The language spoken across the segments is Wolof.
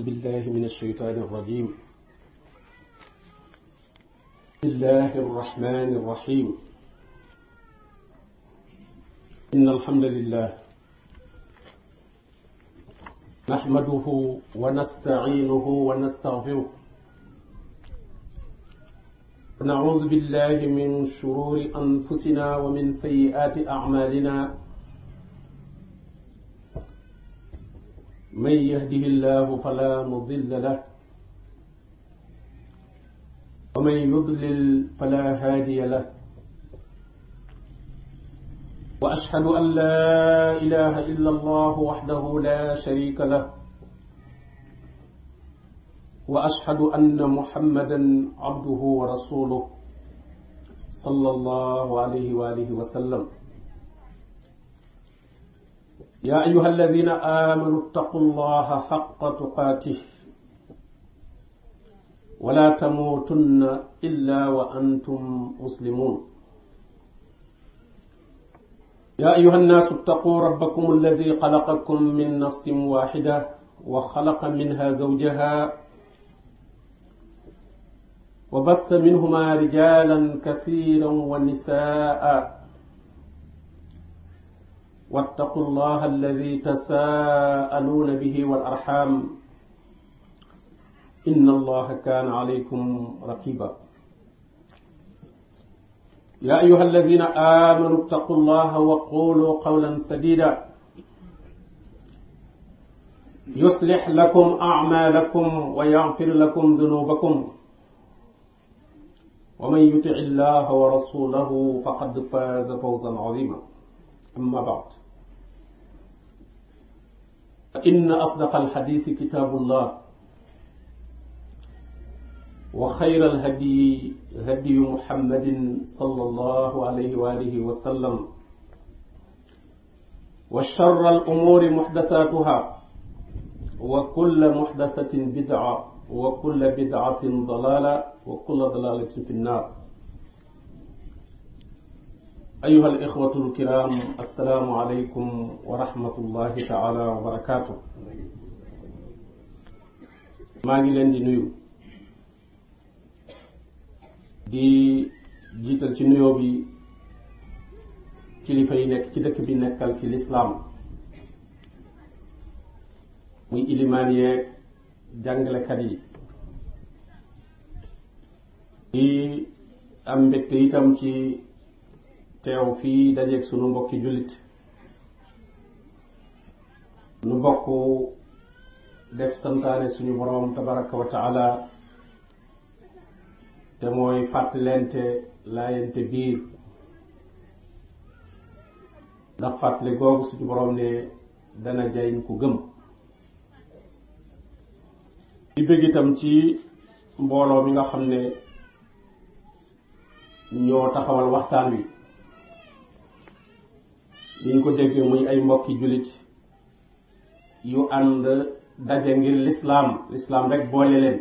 أعوذ بالله من الشيطان الرجيم بسم الله الرحمن الرحيم إن الحمد لله نحمده ونستعينه ونستغفره ونعوذ بالله من شرور أنفسنا ومن سيئات أعمالنا من يهده الله فلا مضل له ومن يضلل فلا هادي له وأشهد أن لا إله إلا الله وحده لا شريك له وأشهد أن محمدا عبده ورسوله صلى الله عليه وآله وسلم yaa ayuha alladina amanu ttaqu llaha xaqa tuqaatih wala tamuutunna illa wa antum muslimun yaa ayuha annaasu ttaquu rabbakum alladi xalaqakum min nafsin waaxida wa xalaqa minha zawjaha wa bassa minhuma rijalan kasiran wa nisaa واتقوا الله الذي تساءلون به والأرحام إن الله كان عليكم رقيبا يا أيها الذين آمنوا اتقوا الله وقولوا قولا سديدا يصلح لكم أعمالكم ويغفر لكم ذنوبكم ومن يطع الله ورسوله فقد فاز فوزا عظيما أما بعد إن أصدق الحديث كتاب الله وخير الهدي هدي محمد صلى الله عليه وآله وسلم وشر الأمور محدثاتها وكل محدثة بدعة وكل بدعة ضلالة وكل ضلالة في النار أيها الإخوة الكرام السلام عليكم ورحمة الله تعالى وبركاته maa ngi leen di nuyu di jiital ci nuyoo bi kilifa yi nekk ci dëkk bi nekkal fi lislaam muy ilimaan yeeg jàngalekat yi di am mbégte itam ci teew fii dajeeg sunu mbokki jullit nu bokk def santaane suñu boroom tabaraka wa te mooy fàttalente laayante biir ndax fàttali googu suñu boroom ne dana jariñ ku gëm di bëgg itam ci mbooloo bi nga xam ne ñoo taxawal waxtaan wi ñu ko déggee muy ay mbokki jullit yu ànd daje ngir lislaam lislaam rek boole leen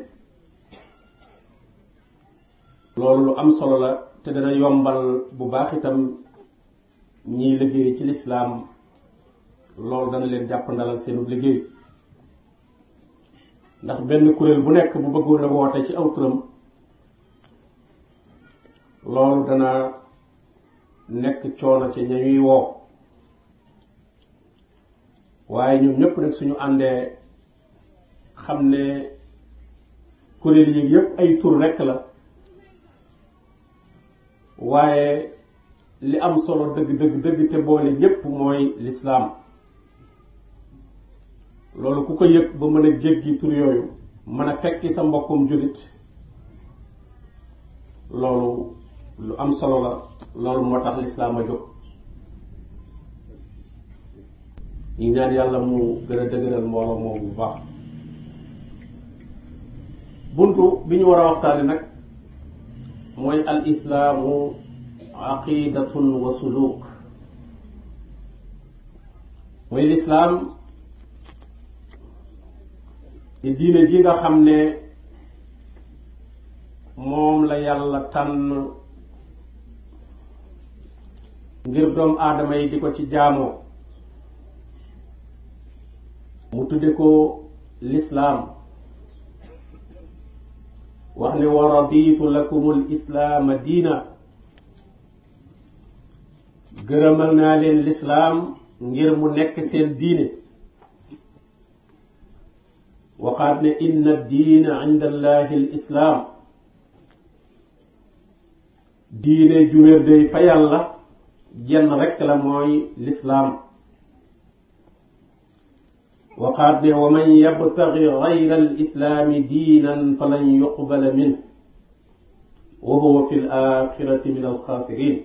loolu lu am solo la te dana yombal bu baax itam ñiy liggéey ci lislaam loolu dana leen jàppandalal seenu liggéey ndax benn kuréel bu nekk bu bëggoon a woote ci aw turam loolu dana nekk coono ci ña ñuy woo waaye ñoom ñëpp nag suñu àndee xam ne kuréel yi yëpp ay tur rekk la waaye li am solo dëgg dëgg dëgg te boole ñëpp mooy lislaam loolu ku ko yëg ba mën a jéggi tur yooyu mën a fekki sa mbokkum jullit loolu lu am solo la loolu moo tax lislaam a jóg ñu ñaan yàlla mu gën a dëgëral moom bu baax buntu bi ñu war a waxtaani nag mooy al islaamu aqidatun wa suluk mooy lislaam di diine ji nga xam ne moom la yàlla tànn ngir doomu aadama yi di ko ci jaamoo mu tudde ko l'islaam wax ne wa raditu lakum al islaama diina gërëmal naa leen l'islaam ngir mu nekk seen diine waxaat ne inna diina inda allahi al islaam diine day fa yàlla jenn rekk la mooy l'islaam waqaat ne wa man yabtaxi gayra alislaami diinan falan yuqbala min wa huwa fi l min alxaasirin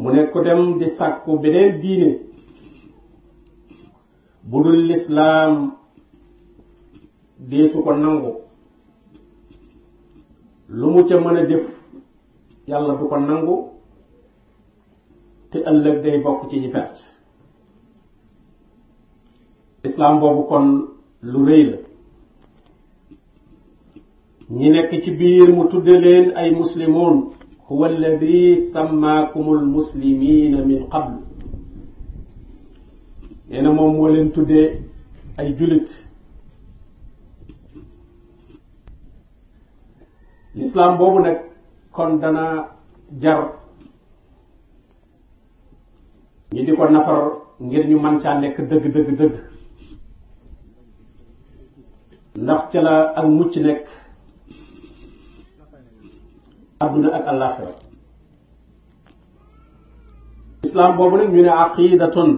mu ne ku dem di sàkku beneen diine bu dul lislaam deesu ko nangu lu mu ca mën a def yàlla du ko nangu te ëllëg day bokk ci ñi perte lislaam boobu kon lu rëy la ñi nekk ci biir mu tudde leen ay muslimoon huwa alladi sammaakumul muslimiina min qablu nee na moom moo leen tuddee ay jullit lislaam boobu nag kon dana jar ñi di ko nafar ngir ñu mën caa nekk dëgg dëgg dëgg ndax ca la ak mucc nekk adduna ak àllaaxira islaam boobu nag ñu ne aqidatun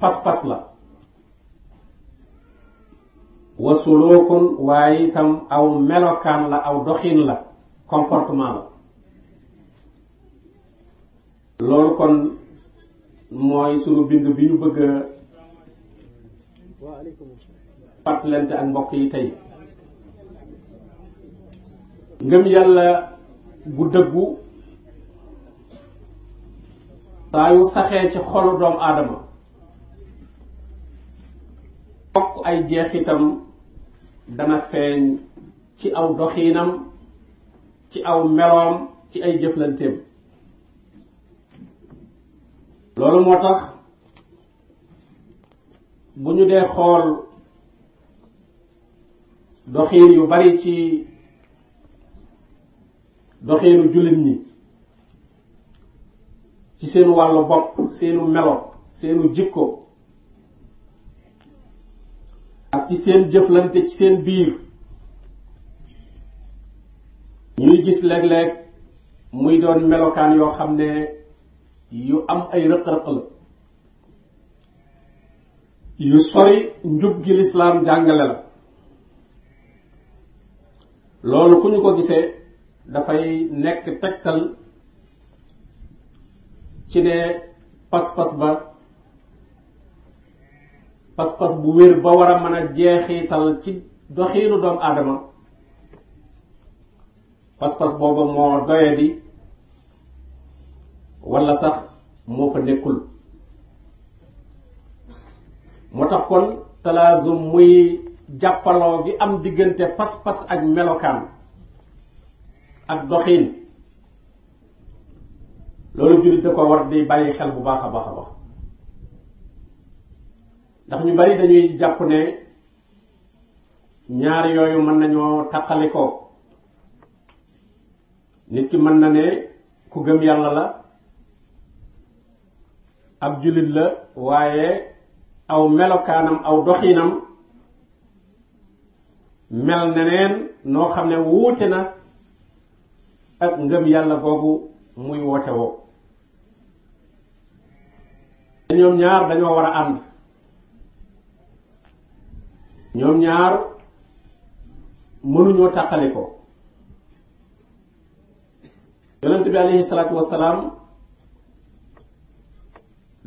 pas-pas la wa sulukun waaye itam aw melokaan la aw doxin la comportement la loolu kon mooy sunu bind bi ñu bëgg fàttalante ak mbokk yi tey ngëm yàlla bu dëggu saa yu saxee ci xolu doomu aadama bokk ay jeexitam dana feeñ ci aw doxiinam ci aw meloom ci ay jëflanteem loolu moo tax bu ñu dee xool doxiin yu bari ci doxiinu jullit ñi ci seen wàllu bopp seenu melo seenu jikko ak ci seen jëflante ci seen biir ñuy gis léeg-léeg muy doon melokaan yoo xam ne yu am ay rëq-rëq yu sori njub gi lislaam jàngale la loolu ku ñu ko gisee dafay nekk tegtal ci ne pas-pas ba pas-pas bu wér ba war a mën a jeexital ci doxiinu doomu aadama pas-pas booba moo doye di sax moo fa nekkul moo tax kon talaasum muy jàppaloo gi am diggante pas-pas ak melokaan ak doxiin loolu jullit da ko war di bàyyi xel bu baax a baax a ndax ñu bari dañuy jàpp ne ñaar yooyu mën nañoo taqalikoo nit ki mën na ne ku gëm yàlla la ab jullit la waaye aw melokaanam aw doxiinam mel neneen noo xam ne wuute na ak ngëm yàlla googu muy woote woo ñoom ñaar dañoo war a ànd ñoom ñaar mënuñoo tàqale ko yonent bi alayhi salaatu wassalaam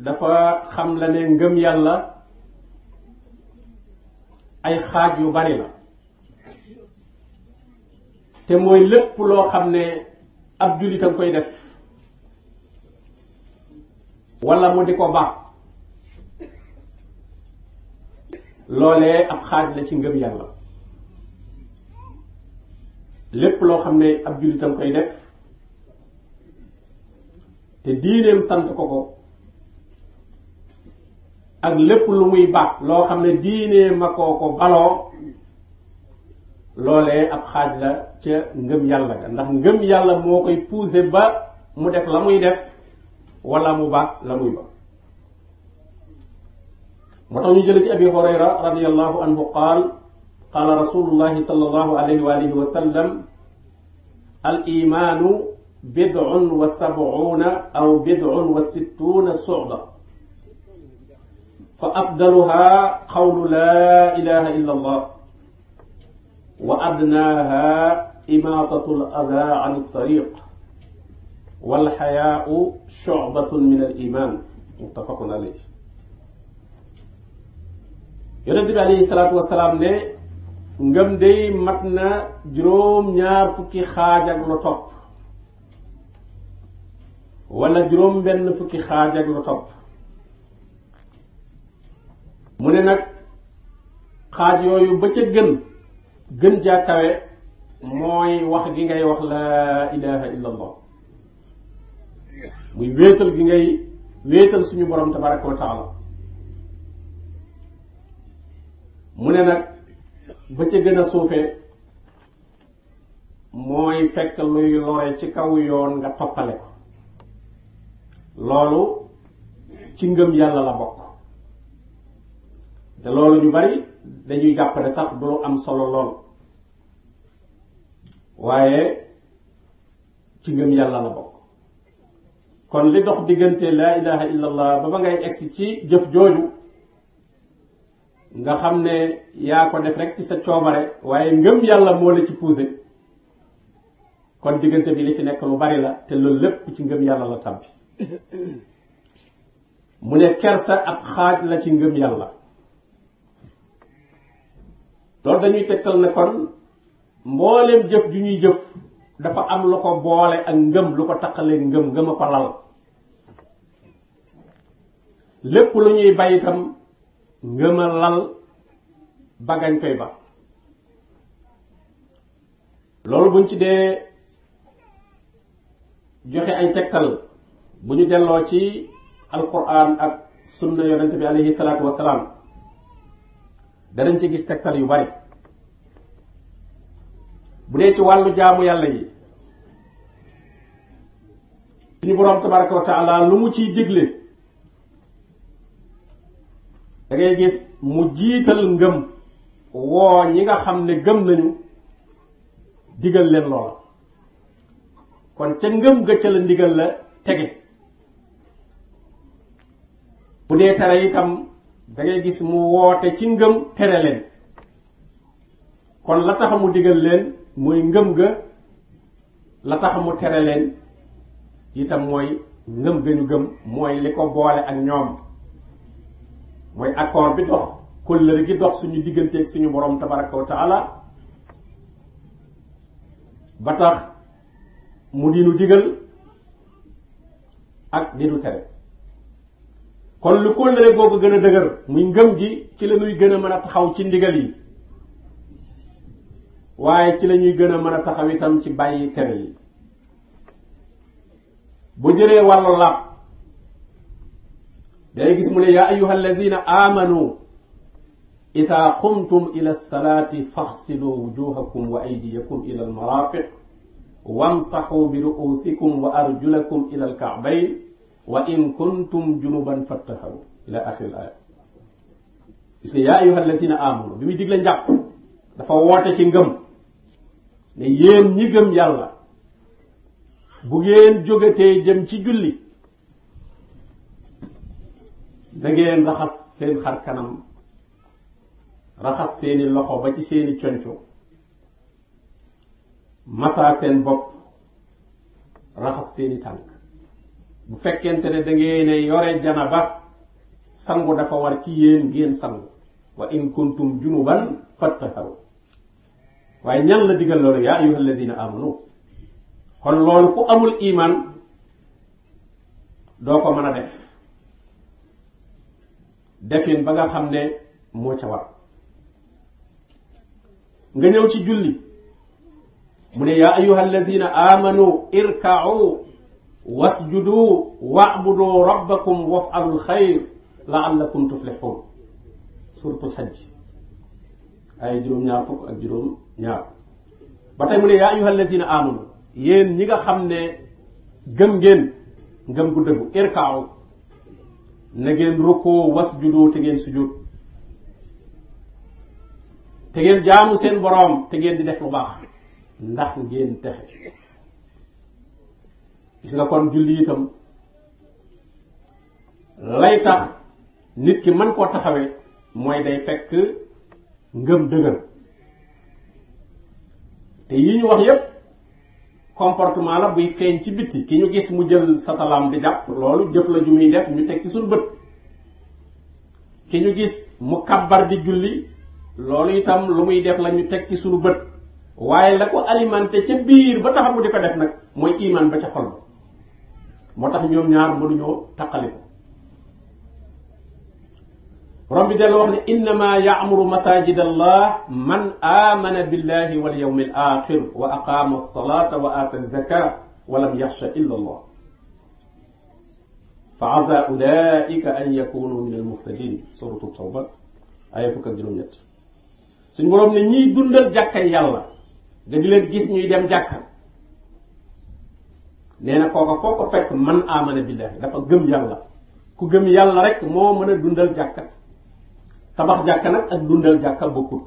dafa xam la ne ngëm yàlla ay xaaj yu bari la te mooy lépp loo xam ne ab jullitam koy def walla mu di ko baax loolee ab xaaj la ci ngëm yàlla lépp loo xam ne ab jullitam koy def te diineem sant ko ko ak lépp lu muy baax loo xam ne diineem a koo ko baloo loolee ab xaaj la ca ngëm yàlla ga ndax ngëm yàlla moo koy poussé ba mu def la muy def wala mu baax la muy ba moo tax ñu jële ci abi hurayra radiallahu anhu qaal qaala rasulullahi sallallahu alayhi wa alihi wa sallam al imaanu bid'un wa sab'una aw bid'un wa sittuna su'ba fa afdaluha qawlu la ilaha illa allah wa adnaaha imaatatul adaa an tariq wal xayaau shubatun min al iman muttafaqun alayh yonente bi alayhi salaatu wasalaam ne ngëm day mat na juróom-ñaar fukki xaaj ak lu topp wala juróom benn fukki xaaj ak lu topp mu ne nag xaaj yooyu ba ca gën gën jaa mooy wax gi ngay wax laa ilaha illa muy wéetal gi ngay wéetal suñu borom tabaraka wa taala mu ne nag ba ca gën a suufee mooy fekk luy lore ci kaw yoon nga toppale ko loolu ci ngëm yàlla la bokk te loolu ñu bari dañuy jàppale sax doo am solo lool waaye ci ngëm yàlla la bokk kon li dox diggante laa ilaha illallah ba ba ngay egsi ci jëf jooju nga xam ne yaa ko def rek ci sa coobare waaye ngëm yàlla moo la ci poussé kon diggante bi li ci nekk lu bari la te loolu lépp ci ngëm yàlla la tabbi mu ne kersa ab xaaj la ci ngëm yàlla loolu dañuy tegtal ne kon mbooleem jëf ju ñuy jëf dafa am la ko boole ak ngëm lu ko taqalee ngëm ngëm a ko lal lépp lu ñuy bay itam ngëm a lal bagañ ba loolu buñ ci dee joxe ay tegtal bu ñu delloo ci alquran ak sunna yonente bi alayhi danañ ci gis tegtal yu bari bu dee ci wàllu jaamu yàlla yi suñu boroom tabaraka wa taala lu mu ciy digle da gis mu jiital ngëm woo ñi nga xam ne gëm nañu digal leen loola kon ca ngëm ga ca la ndigal la tege bu dee tere itam da gis mu woote ci ngëm tere leen kon la tax digal leen mooy ngëm ga la tax mu tere leen itam mooy ngëm ga ñu gëm mooy li ko boole ak ñoom mooy accord bi dox kóllëre gi dox suñu digganteeg suñu borom tabaraka wa taala ba tax mu di nu digal ak di tere kon lu kóllëre googu gën a dëgër muy ngëm gi ci la ñuy gën a mën a taxaw ci ndigal yi waaye ci la ñuy gën a mën a taxaw itam ci bàyyi tere yi bu jëlee wàllu làpp day gis mu ne yaa ayuha alladina amanu ida qumtum ila lsalati faxsilu wujuhakum wa aydiyakum ila almarafiq wamsaxu bi ru'usikum wa arjulakum ila alka'bayn wa in kuntum junuban fattaharu ila axiril aaya gis nga yaa ayyuha allazina amanu bi muy digle njàpp dafa woote ci ngëm ne yéen ñi gëm yàlla bu ngeen jógatee jëm ci julli da ngeen raxas seen xar kanam raxas seeni loxo ba ci seeni conco masaa seen bopp raxas seeni tànk bu fekkente ne da ngeen yore janaba sangu dafa war ci yéen ngeen sangu wa in kuntum junuban fattaharu waaye ñan la digal loolu yaa ayyuha alladina amanu kon loolu ku amul iman doo ko mën a def defin ba nga xam ne moo ca war nga ñëw ci julli mu ne yaa ayyuha alladina amanu irka'u wasjudu wa'budu rabbakum waf'alul xayr la'allakum tuflihun suuratul hajj ay juróom-ñaar fukk ak juróom-ñaar ba tey mu ne yaa ayyuhal lazina amanu yéen ñi nga xam ne gëm ngeen ngëm gu dëggu irkaaw na ngeen rukkoo wasjudu te ngeen sujud te ngeen jaamu seen boroom te ngeen di def lu baax ndax ngeen texe gis nga kon julli itam lay tax nit ki mën koo taxawee mooy day fekk ngëm dëgër te yi ñu wax yépp comportement la buy feeñ ci bitti ki ñu gis mu jël satalaam di jàpp loolu jëf la ju muy def ñu teg ci suñu bët ki ñu gis mu kabbar di julli loolu itam lu muy def la ñu teg ci suñu bët waaye la ko alimenté ca biir ba taxamu di ko def nag mooy iman ba ca xol moo tax ñoom ñaar mënuñoo taqali ko borom bi dellu wax ne innama yaamuru masajid allah man amana billahi wal yawm al axir wa aqama alsalata wa ata alzaka wa lam yaxsha illa allah fa asa ulaika an yakunu min almuhtadin suratu tawba aya fukk ak juróom-ñett suñu borom ne ñiy dundal jàkka yàlla nga di leen gis ñuy dem jàkka nee na kooka foo ko fekk man amana billahi dafa gëm yàlla ku gëm yàlla rek moo mën a dundal jàkka tabax jàkka nag ak dundal jàkka bokkut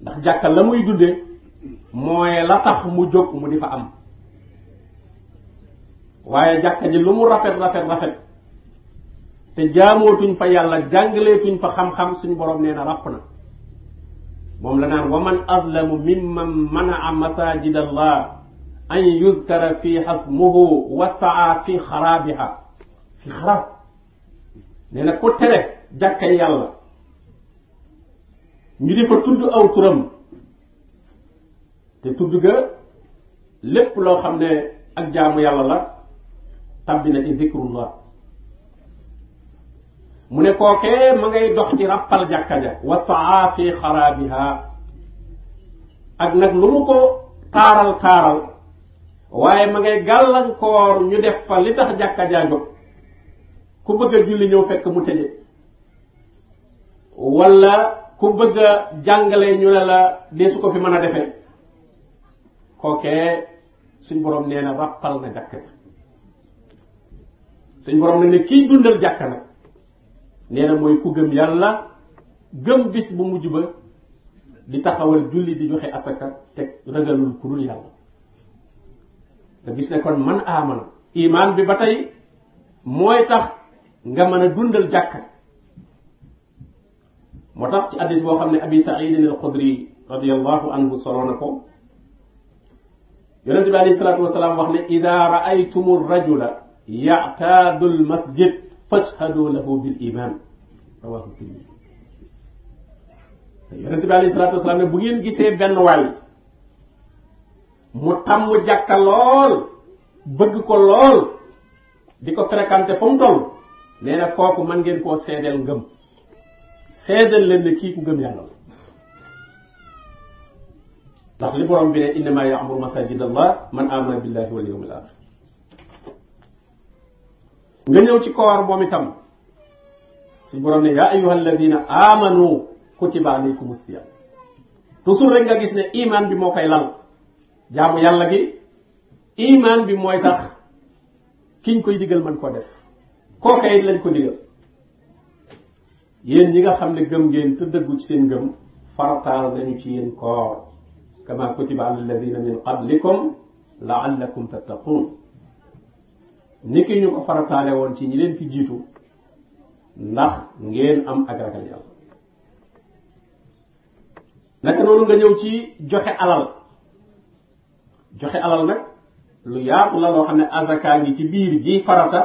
ndax jàkka la muy dundee mooy la tax mu jóg mu di fa am waaye jàkka ji lu mu rafet rafet rafet te jaamootuñ fa yàlla jàngaleetuñ fa xam-xam suñu borom nee na ràpp na moom la naan wa man azlamu mimman manaa masajid allah an yuzkara fii hasmuhu wasaa fi xaraabiha fi xaraab nee na ku tere jàkkay yàlla ñu di fa tudd aw turam te tudd ga lépp loo xam ne ak jaamu yàlla la tabbi na ci zikrullah mu ne kookee ma ngay dox ci ràppal jàkka ja wasaa fi xaraabiha ak nag lu taaral taaral waaye ma ngay gàllankoor ñu def fa li tax jàkka jaa ku bëgg a julli ñëw fekk mu tëje wala ku bëgg jàngale ñu ne la dee ko fi mën a defee kookee suñ borom nee na ràppal na jàkk ja suñ borom na ne kiy dundal jàkk nag nee na mooy ku gëm yàlla gëm bis bu mu ba di taxawal julli di joxe asaka teg ragalul ku dul yàlla nga gis ne kon man aamana imaan bi ba tey mooy tax nga mën a dundal jàkka moo tax ci addis boo xam ne abi saidin al xudri radiallahu anhu soloo na ko yonente bi alayhi salatu wasalaam wax ne ida raaytum rajula yataadu l masjid fashhadu lahu bil iman rawahu tirmisi yonente bi alayhi salatu wasalaam ne bu ngeen gisee benn waay mu tàmm jàkka lool bëgg ko lool di ko fréquenté fa mu nee na kooku mën ngeen koo seedeel ngëm seedeel leen ne kii ku ngëm yàlla la ndax li borom bi ne innama ya'muru masajid allah man amana billahi wal yawmil akhir nga ñëw ci koor moom itam suñu borom ne yaa ayyuha alladina amanu kutiba alaykumus siyam toujours rek nga gis ne iman bi moo koy lal jaamu yàlla gi iman bi mooy tax kiñ koy digal mën koo def kooka it ko digal yéen ñi nga xam ne gëm ngeen te dëggu ci seen gëm farataal nañu ci yéen koor kama kutiba ala alladina min ni ki ñu ko farataale woon ci ñi leen fi jiitu ndax ngeen am ak ragal yàlla naka noonu nga ñëw ci joxe alal joxe alal nag lu yaatu la xam ne azaka ngi ci biir ji farata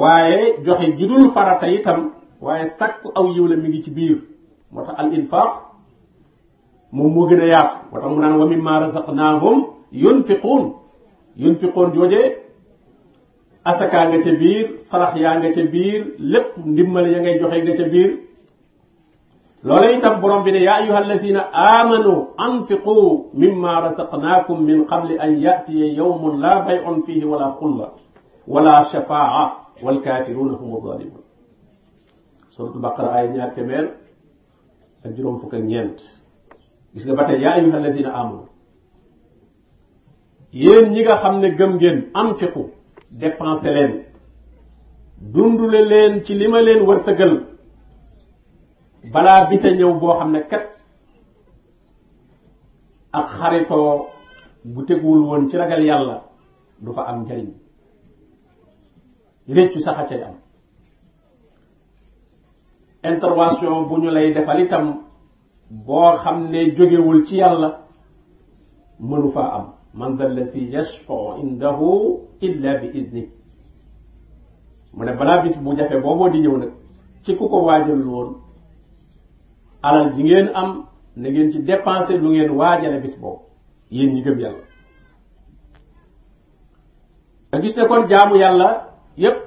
waaye joxe ji dul farata itam waaye sakku aw yiw la mi ngi ci biir moo tax al infaq moom moo gën a yaatu moo tax mu naan wa mimma razaqnahum yunfiquun yunfiquun joojee asaka nga ca biir sarax yaa nga ca biir lépp ndimbal ya ngay joxe nga ca biir loola itam borom bi ne yaa ayyuha allazina amanu anfiqu mimma rasaqnaakum min qabli an yatiya yawmun la bay'un fihi wala xulla wala shafaa walkafiruna hum zalimun suratu baqara ay ñaar téeméer ak juróom fukk ak ñeent gis nga ba tey yaa ayyuha allazina amanu yéen ñi nga xam ne gëm ngeen anfiqu dépensé leen dundule leen ci li ma leen wërsëgal balaa bisa ñëw boo xam ne kat ak xaritoo bu teguwul woon ci ragal yàlla du fa am njariñ réccu sax a cay am intervention bu ñu lay defal itam boo xam ne jógewul ci yàlla mënu faa am man dal la fi yashfau indahu illa bi idni mu ne balaa bis bu jafe booboo di ñëw nag ci ku ko waajalul woon alal ji ngeen am na ngeen ci dépenser lu ngeen waajale bis boobu yéen ñi gëm yàlla nga gis ne kon jaamu yàlla yépp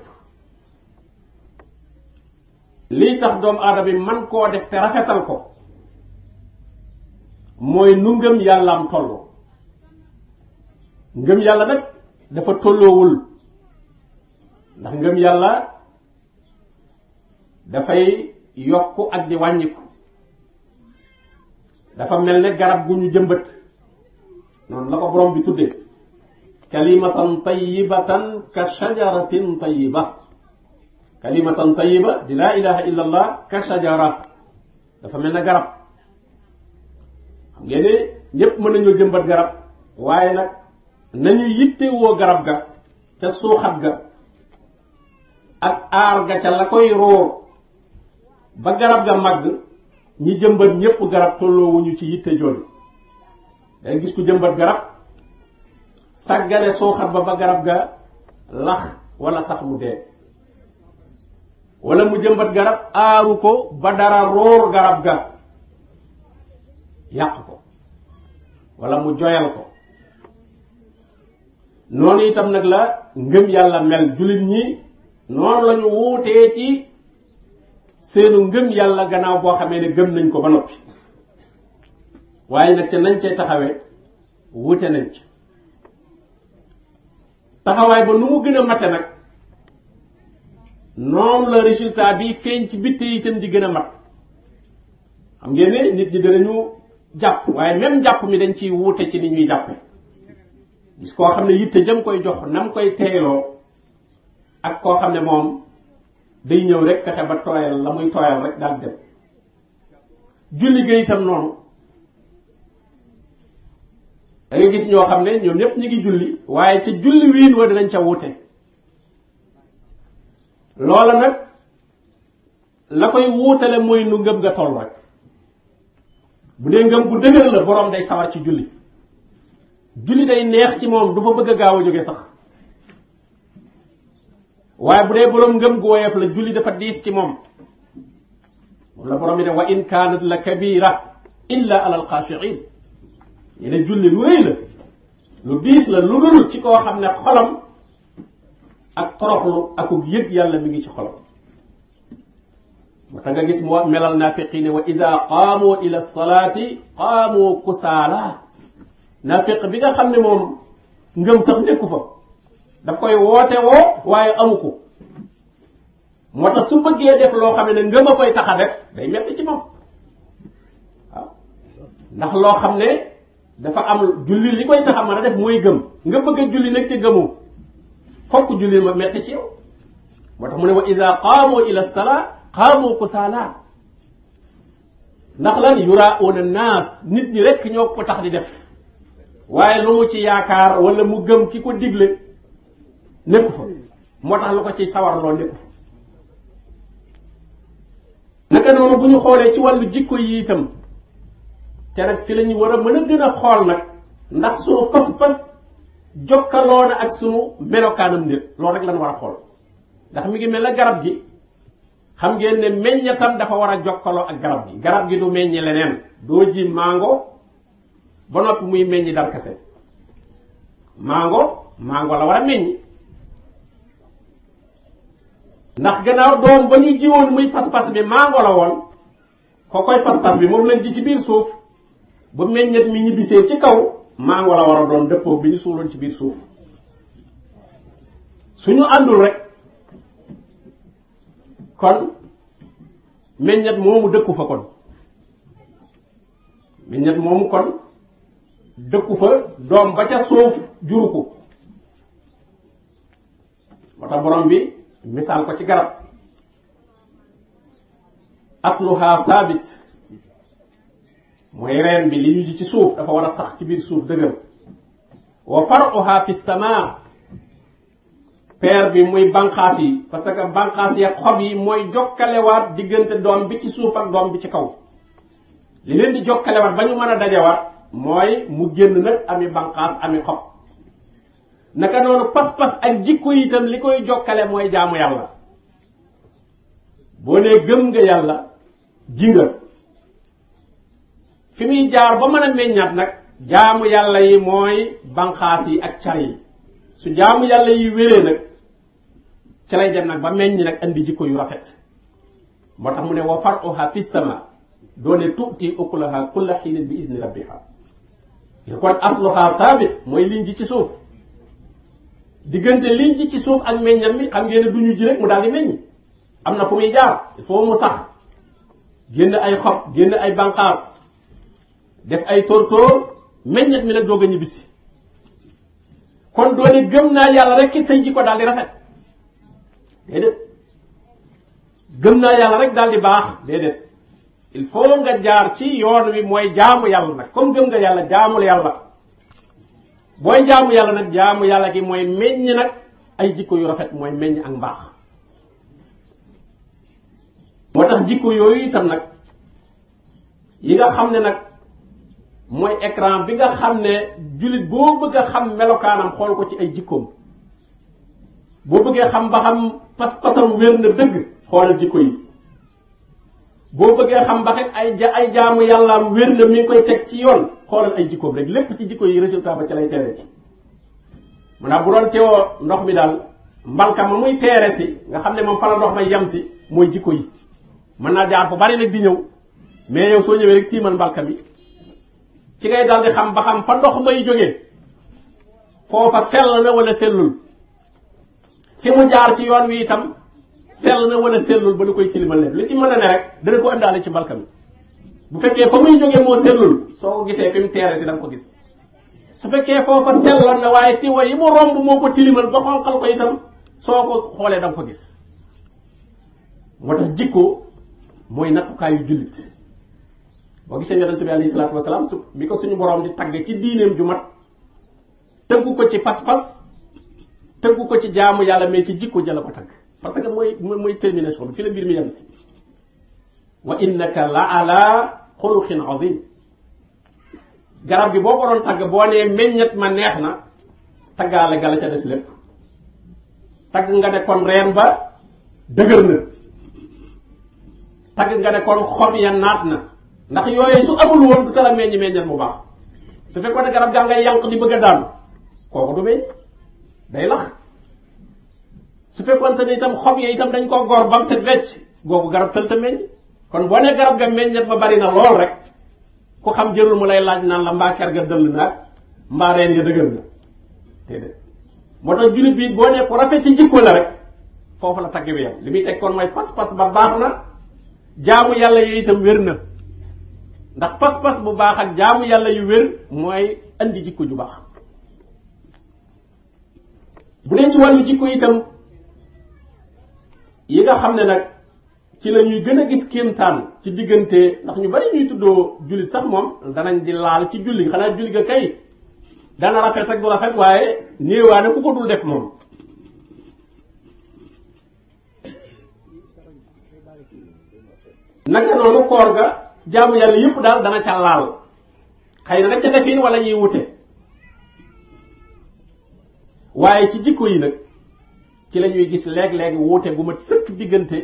lii tax doomu aadama bi man koo def te rafetal ko mooy nu ngëm yàllaam tolloo ngëm yàlla nag dafa tolloowul ndax ngëm yàlla dafay yokk ak di wàññiku dafa mel ne garab gu ñu jëmbët noonu la ko borom bi tuddee kalimatan tayyibatan ka shajaratin tayyiba kalimatan tayyiba di laa ilaha illa ka shajara dafa mel ne garab xam ngeen ne ñépp mën nañoo jëmbat garab waaye nag nañu yittewoo garab ga ca suuxat ga ak aar ga ca la koy roor ba garab ga màgg ñi jëmbat ñépp garab tolloowuñu ci yitte jooju day gis ku jëmbat garab sàggane sooxat ba ba garab ga lax wala sax mu dee wala mu jëmbat garab aaru ko ba dara roor garab ga yàq ko wala mu joyal ko noonu itam nag la ngëm yàlla mel jullit ñi noonu lañu wuutee ci seenu ngëm yàlla gannaaw boo xamee ne gëm nañ ko ba noppi waaye nag ca nañ cee taxawee wute nañ ci taxawaay ba nu mu gën a mate nag noonu la résultat bi feeñ ci bitte itam di gën a mat xam ngeen ne nit ñi danañu jàpp waaye même jàpp mi dañ ci wuute ci ni ñuy jàppe gis koo xam ne yitte jëm koy jox nam koy teeyoo ak koo xam ne moom day ñëw rek fexe ba tooyal la muy tooyal rek daal dem julli ga itam noonu da gis ñoo xam ne ñoom ñëpp ñu ngi julli waaye ca julli wiin wa dinañ ca wute loola nag la koy wuutale mooy nu ngëm nga toll rek bu dee ngëm gu dëgër la boroom day sawar ci julli julli day neex ci moom du fa bëgg a gaaw a jóge sax waaye bu dee borom ngëm gu woyof la julli dafa diis ci moom moom la borom wa in kaanat la kabira illa ala alxaashiin ñu ne julli lu rëy lu diis la lu dul ci koo xam ne xolam ak toroxlu akuk yëg yàlla mi ngi ci xolam moo tax nga gis moo melal naafiqi wa ida qaamoo ila salaati qaamoo kusaala naafiq bi nga xam ne moom ngëm sax nekku fa daf koy woote woo waaye amu ko moo tax su bëggee def loo xam ne ngëm ma koy taxa a def day metti ci moom ndax loo xam ne dafa am julli li koy tax a mën a def mooy gëm nga bëgg a julli nag te gëmoo fokk julli ma metti ci yow moo tax mu ne wa iza qaamu ila salaa qaamu kusaala ndax lan yuraa'una naas nit ñi rek ñoo ko tax di def waaye lu mu ci yaakaar wala mu gëm ki ko digle nekku fa moo tax lu ko ci sawarloo nekku fa naka noonu xoolee ci wàllu jikko yi itam te nag war a mën a gën a xool nag ndax sunu pas-pas jokkaloo na ak sunu melokaanam nit loolu rek lañ war a xool ndax mi ngi mel ne garab gi xam ngeen ne meññatam dafa war a jokkaloo ak garab gi garab gi du meññi leneen doo ji mango ba noppi muy meññi darkase mango mango la war a meññi ndax gannaaw doom ba ñu jiwoon muy pas-pas bi mango la woon ko koy pas-pas bi moom lañ ji ci biir suuf ba meññet mi ñibbisee ci kaw mango la war a doon dëppoo bi ñu suuloon ci biir suuf suñu àndul rek kon meññet moomu dëkku fa kon meññet moomu kon dëkku fa doom ba ca suuf juru ko tax borom bi misaal ko ci garab asluha saabit mooy reen bi li ñu ji ci suuf dafa war a sax ci biir suuf dëgër wa faruha fi sama peer bi muy banqaas yi parce que banqaas yi ak xob yi mooy jokkalewaat diggante doom bi ci suuf ak doom bi ci kaw li leen di jokkalewaat ba ñu mën a dajewaat mooy mu génn nag ami banqaas ami xob naka noonu pas-pas ak jikko itam li koy jokkale mooy jaamu yàlla boo nee gëm nga yàlla ji fi muy jaar ba mën a meññaat nag jaamu yàlla yi mooy banqaas yi ak car yi su jaamu yàlla yi wéree nag ca dem nag ba meññ nag andi jikko yu rafet moo tax mu ne wa faruha fi sama doone tuuti ukulaha kulla xiinin bi izni rabbiha kon asluha saabit mooy liñ ji ci suuf diggante liñ ji ci suuf ak meññam mi xam ngeen ne duñu ji rek mu daal di meññ am na fu muy jaar il mu sax génn ay xob génn ay banqaas def ay tóortóor meññet mi nag doog a ñibbisi kon doone gëm naa yàlla rek it say jikko daal di rafet déedéet gëm naa yàlla rek daal di baax déedéet il faut nga jaar ci yoon wi mooy jaamu yàlla nag comme gëm nga yàlla jaamul yàlla booy jaamu yàlla nag jaamu yàlla gi mooy meññ nag ay jikko yu rafet mooy meññ ak mbaax moo tax jikko yooyu itam nag yi nga xam ne nag mooy écran bi nga xam ne jullit boo bëgg xam melokaanam xool ko ci ay jikkoom boo bëggee xam ba xam pas-pasam wér na dëgg xoolal jikko yi boo bëggee xam ba xet ay ja ay jaamu yàllaam wér la mi ngi koy teg ci yoon xoolal ay jikkoom rek lépp ci jikko yi résultat ba ci lay teere ci mu naa bu doon teewoo ndox mi daal mbalka ma muy teere si nga xam ne moom fa a ndox may yem mooy jikko yi mën naa jaar fu bari nag di ñëw mais yow soo ñëwee rek tiimal mbalka mi ci ngay daal di xam ba xam fa ndox may jógee foofa sell na wala sellul fi mu jaar ci yoon wi itam sell na wala sellul ba nu koy tilimal li ci mën a ne rek dana ko àndaale ci mbalka mi bu fekkee fa muy jógee moo sellul soo ko gisee fi mu teere si da ko gis su fekkee foofa selloon na waaye tiwa yi mu romb moo ko tilimal ba xonqal ko itam soo ko xoolee da nga ko gis moo tax jikko mooy nattukaayu jullit boo gisee yonent bi alayhi salaatu wasalaam su mi ko suñu boroom di tagg ci diineem ju mat tëggu ko ci pas-pas tëggu ko ci jaamu yàlla mais ci jikko jëla ko tagg parce que mooy mooy termination bi fi la mbir mi yem si wa innaka la ala xuluqin azim garab gi boo ko doon tagg boo nee meññet ma neex na taggaale gala ca des lépp tagg nga ne kon reen ba dëgër na tagg nga ne kon xob ya naat na ndax yooyu su amul woon du tala meññ meññet mu baax su fekkoon ne garab gaa ngay yànq di bëgg a daanu kooku du meññ day lax su fekkonte ne itam xob ya itam dañ koo gor bam set wecc googu garab tëlta meññ kon boo ne garab ga meññet ba bari na lool rek ku xam jërul mu lay laaj naan la mbaa ker ga dëll naag mbaa reen ya dëgër na déedéet moo tax jullit bi boo ne ku rafet ci jikko la rek foofu la tagg bi yam li muy teg kon mooy pas-pas ba baax na jaamu yàlla yooyu itam wér na ndax pas-pas bu baax ak jaamu yàlla yu wér mooy andi jikko ju baax bu dee ci wàllu jikko itam yi nga xam ne nag ci lañuy gën a gis kéemtaan ci diggante ndax ñu bari ñuy tuddoo jullit sax moom danañ di laal ci julli xanaa julli ga kay dana rafet ak du rafet waaye néewaane ku ko dul def moom naka noonu koor ga jaamu yàlla yépp daal dana ca laal xëy na ca defin wala ñuy wute waaye ci jikko yi nag ci lañuy gis léeg-léeg wuute gu mat sëkk diggante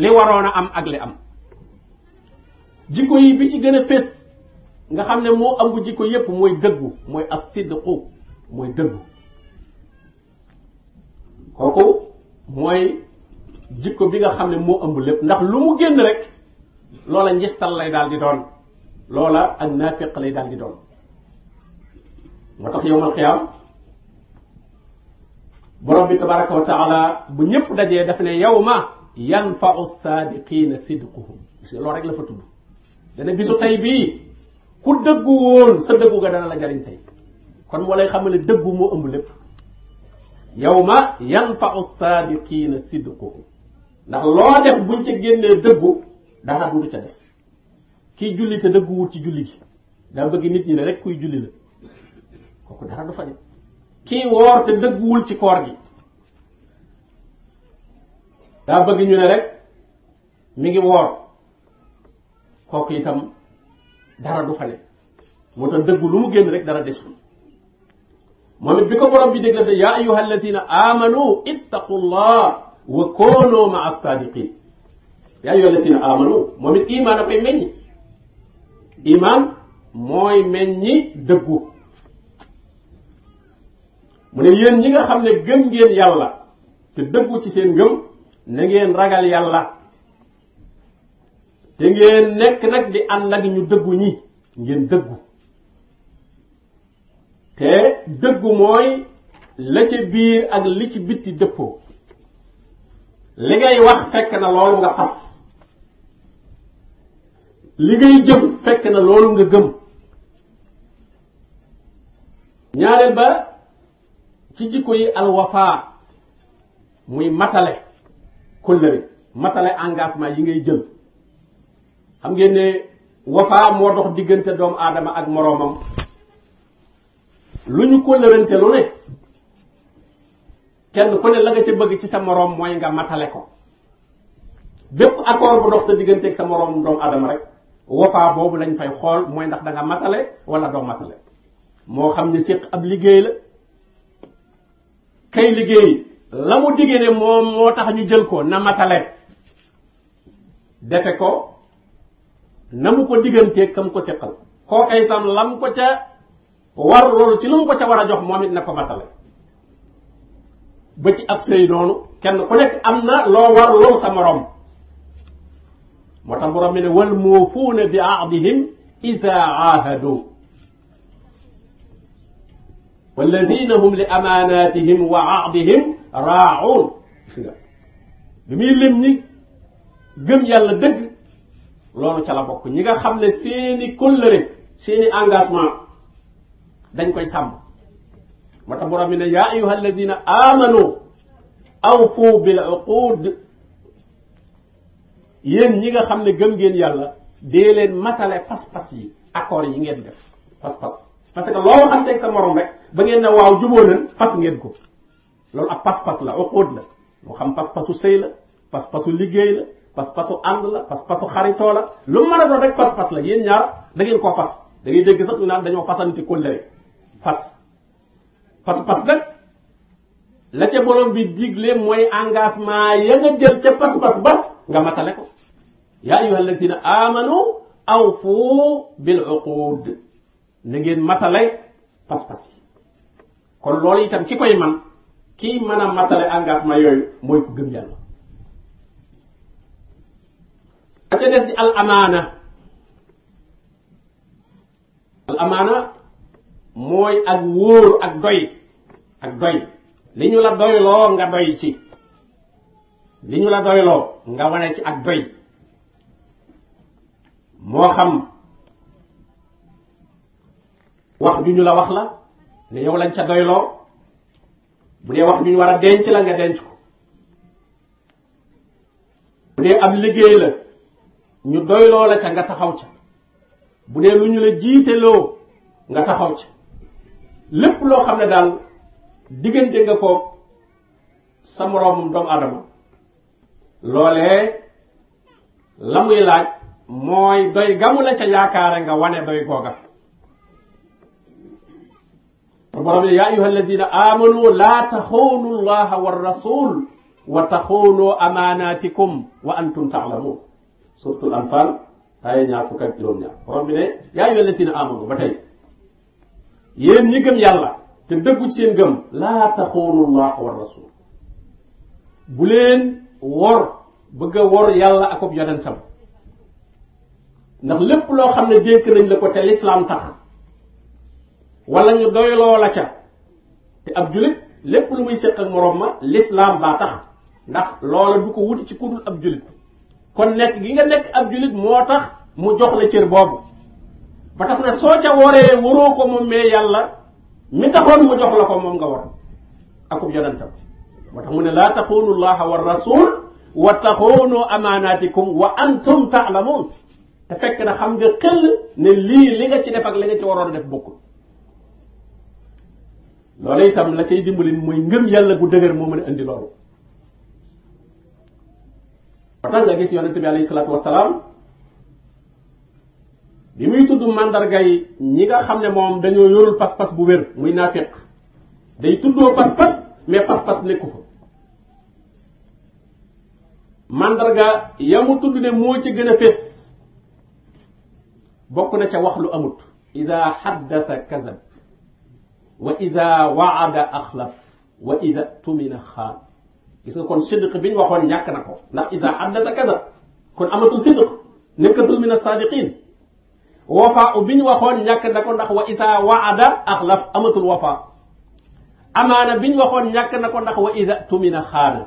li waroon a am ak li am jikko yi bi ci gën a fés nga xam ne moo ëmb jikko yépp mooy dëggu mooy as-sidqu mooy dëggu kooku mooy jikko bi nga xam ne moo ëmb lépp ndax lu mu génn rek loola njistal lay daal di doon loola ak naafiq lay daal di doon moo tax yowmal xiyaam borom bi tabaraka wa bu ñëpp dajee daf ne yawma yanfa'u saadiqiina sidquhum loolu rek la fa tudd dana bisu tey bii ku dëggu woon sa dëggu ga dana la jariñ tey kon moo lay xamal ne dëggu moo ëmb lépp yawma yanfa'u saadiqiina sidquhum ndax loo def buñ ci génnee dëggu dara du ca des kiy julli te dëggu ci julli gi daa bëgg nit ñi ne rek kuy julli la kooku dara du fa ne kii woor te dëgguwul ci koor gi daa bëgg ñu ne rek mi ngi woor kooku itam dara du fa moo tax dëggu lu mu génn rek dara desul moom it bi ko borom bi déglante yaa ayuha alladina amanu ittaqu llah wa koonoo ma assaadiqin yaa ayuha alladina amanu moom it imaan koy meññi imaan mooy meññi dëggu mu ne yéen ñi nga xam ne gëm ngeen yàlla te dëggu ci seen ngëm na ngeen ragal yàlla te ngeen nekk nag di ànd ak ñu dëggu ñi ngeen dëggu te dëggu mooy la ca biir ak li ci bitti dëppoo li ngay wax fekk na loolu nga fas li ngay jëm fekk na loolu nga gëm ñaareel ba ci jikko yi alwafa muy matale kóllëre matale engagement yi ngay jël xam ngeen ne wafa moo dox diggante doomu aadama ak moroomam lu ñu kóllërante lu ne kenn ku ne la nga ca bëgg ci sa moroom mooy nga matale ko bépp accord bu dox sa diggante ak sa moroom doomu aadama rek wafa boobu lañ fay xool mooy ndax da matale wala doo matale moo xam ne séq ab liggéey la kay liggéey la mu diggee moom moo tax ñu jël ko na matale defe ko na mu ko diggantee kam ko teqal kooka itam lam ko ca war loolu ci lu mu ko ca war a jox moom it na ko matale ba ci ab sëy noonu kenn ku nekk am na loo war loolu sa morom moo tax borom mi ne wal muufuuna bi ahdihim ida aahadu walladina hum li amaanatihim wa ahdihim raaun gis muy lim ñi gëm yàlla dëgg loolu ca la bokk ñi nga xam ne seeni kóllëre seeni engagement dañ koy sàmm moo tax borom bi ne yaa ayuha alladina amanu awfu bil uqud yéen ñi nga xam ne gëm geen yàlla dee leen matale pas-pas yi accords yi ngeen def pas parce que loo waxanteeg sa morom rek ba ngeen ne waaw juboo leen fas ngeen ko loolu ab pas-pas la uquud la moo xam pas-pasu sëy la pas-pasu liggéey la pas-pasu ànd la pas-pasu xaritoo la lu mën a doon rek pas-pas la yéen ñaar da ngeen koo fas da ngay dégg sax fas pas la ca borom bi digle mooy engagement ya nga jël ca pas-pas ba nga matale ko yaa ayyuha alladina amanu awfu bil uqud na ngeen matale pas-pas yi kon loolu itam ci koy man kiy mën a matale engagement yooyu mooy ku gëm yàlla a ca des di al amaana al amaana mooy ak wóor ak doy ak doy li ñu la doyloo nga doy ci li ñu la doyloo nga wane ci ak doy moo xam wax ju ñu la wax la ne yow lañ ca doyloo bu dee wax ju ñu war a denc la nga denc ko bu dee am liggéey la ñu doyloo la ca nga taxaw ca bu dee lu ñu la jiiteloo nga taxaw ca lépp loo xam ne daal diggante nga ko sa moroomum doomu aadama loolee la muy laaj mooy doy gamu la ca yaakaare nga wane doy googa borom ne yaa ayyuha alladina amanu laa taxoonu allaha wa rasul wa wa antum taalamuun suratul anfal aaye ñaar fukk ak juróom ñaar borom bi ne yaa amanu ba tey yéen ñi gëm yàlla te dëggu ci seen gëm laa taxoonu allaha wa rasul bu leen wor bëgg a wor yàlla akub yonentam ndax lépp loo xam ne dénk nañ la ko te lislaam tax wala ñu doyloo la ca te ab jullit lépp lu muy séq ak moroom ma l'islam baa tax ndax loola du ko wuti ci kudul ab jullit kon nekk gi nga nekk ab jullit moo tax mu jox la cër boobu ba tax na soo ca waree ko moom mais yàlla mi taxoon mu jox la ko moom nga war akub yonentam moo tax mu ne laa taxoonu llaha wa rasul wa taxoonu amaanaatikum wa antum taalamuun te fekk na xam nga xel ne lii li nga ci def ak li nga ci waroon a def bokkul loolu itam la cay dimbali mooy ngëm yàlla gu dëgër moo mën a indi loolu moo tax nga gis yonente bi alayhi salaatu wasalaam bi muy tudd mandargay ñi nga xam ne moom dañoo yorul pas-pas bu wér muy naafiq day tuddoo pas-pas mais pas-pas nekku fa mandarga ya mu tudd ne moo ci gën a fés bokk na ca wax lu amut ida xaddasa kazab wa ida waada axlaf wa ida tumina xaan gis nga kon sidq bi ñu waxoon ñàkk na ko ndax ida haddasa kaza kon amatul sidq nekkatul min asadiqin wafa u bi ñu waxoon ñàkk na ko ndax wa ida waada axlaf amatul wafa amaana bi ñu waxoon ñàkk na ko ndax wa ida tumina xaana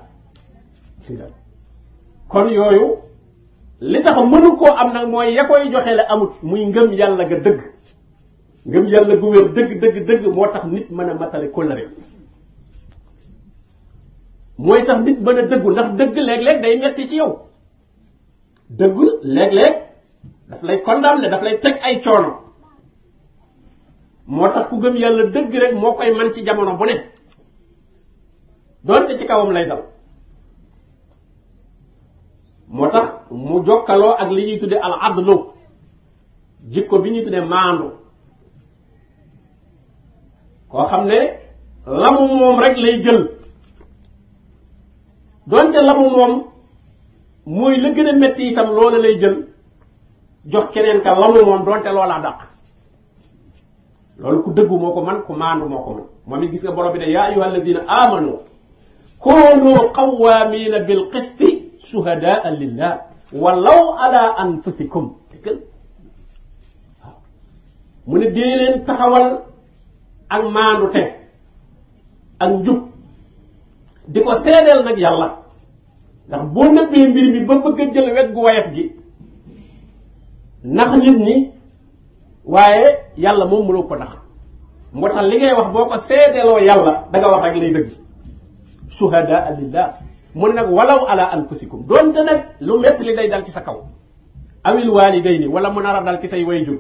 kon yooyu li tax mënu koo am nag mooy ya koy joxe la amut muy ngëm yàlla ga dëgg ngëm yàlla gu wér dëgg dëgg dëgg moo tax nit mën a matale kóllëre mooy tax nit mën a dëggu ndax dëgg léeg-léeg day metti ci yow dëgg léeg-léeg daf lay condamné daf lay teg ay coono moo tax ku gëm yàlla dëgg rek moo koy man ci jamono bu ne doonte ci kawam lay dal moo tax mu jokkaloo ak li ñuy tuddee al adlu jikko bi ñuy tuddee maandu ko xam ne lamu moom rek lay jël donte lamu moom mooy la gën a metti loola lay jël jox keneen ka lamu moom donte loolaa dàq loolu ku dëggu moo ko man ku maandu moo ko man moom it gis nga borom bi ne yaa ayuha alladina amanu koonoo qawwaamiina bil qisti suhadaa lillah walaw ala anfusikum mu ne dee leen ak maandu ak njub di ko seedeel nag yàlla ndax boo nëbbee mbir mi ba bëgg a jël wet gu wayaf gi nax nit ñi waaye yàlla moom mënoo ko nax moo tax li ngay wax boo ko seedeeloo yàlla da nga wax rek lay dëgg suhadaa lillah mu ne nag walaw ala anfusikum donte nag lu metti li day dal ci sa kaw awil waalidayni wala mu nar a dal ci say way jur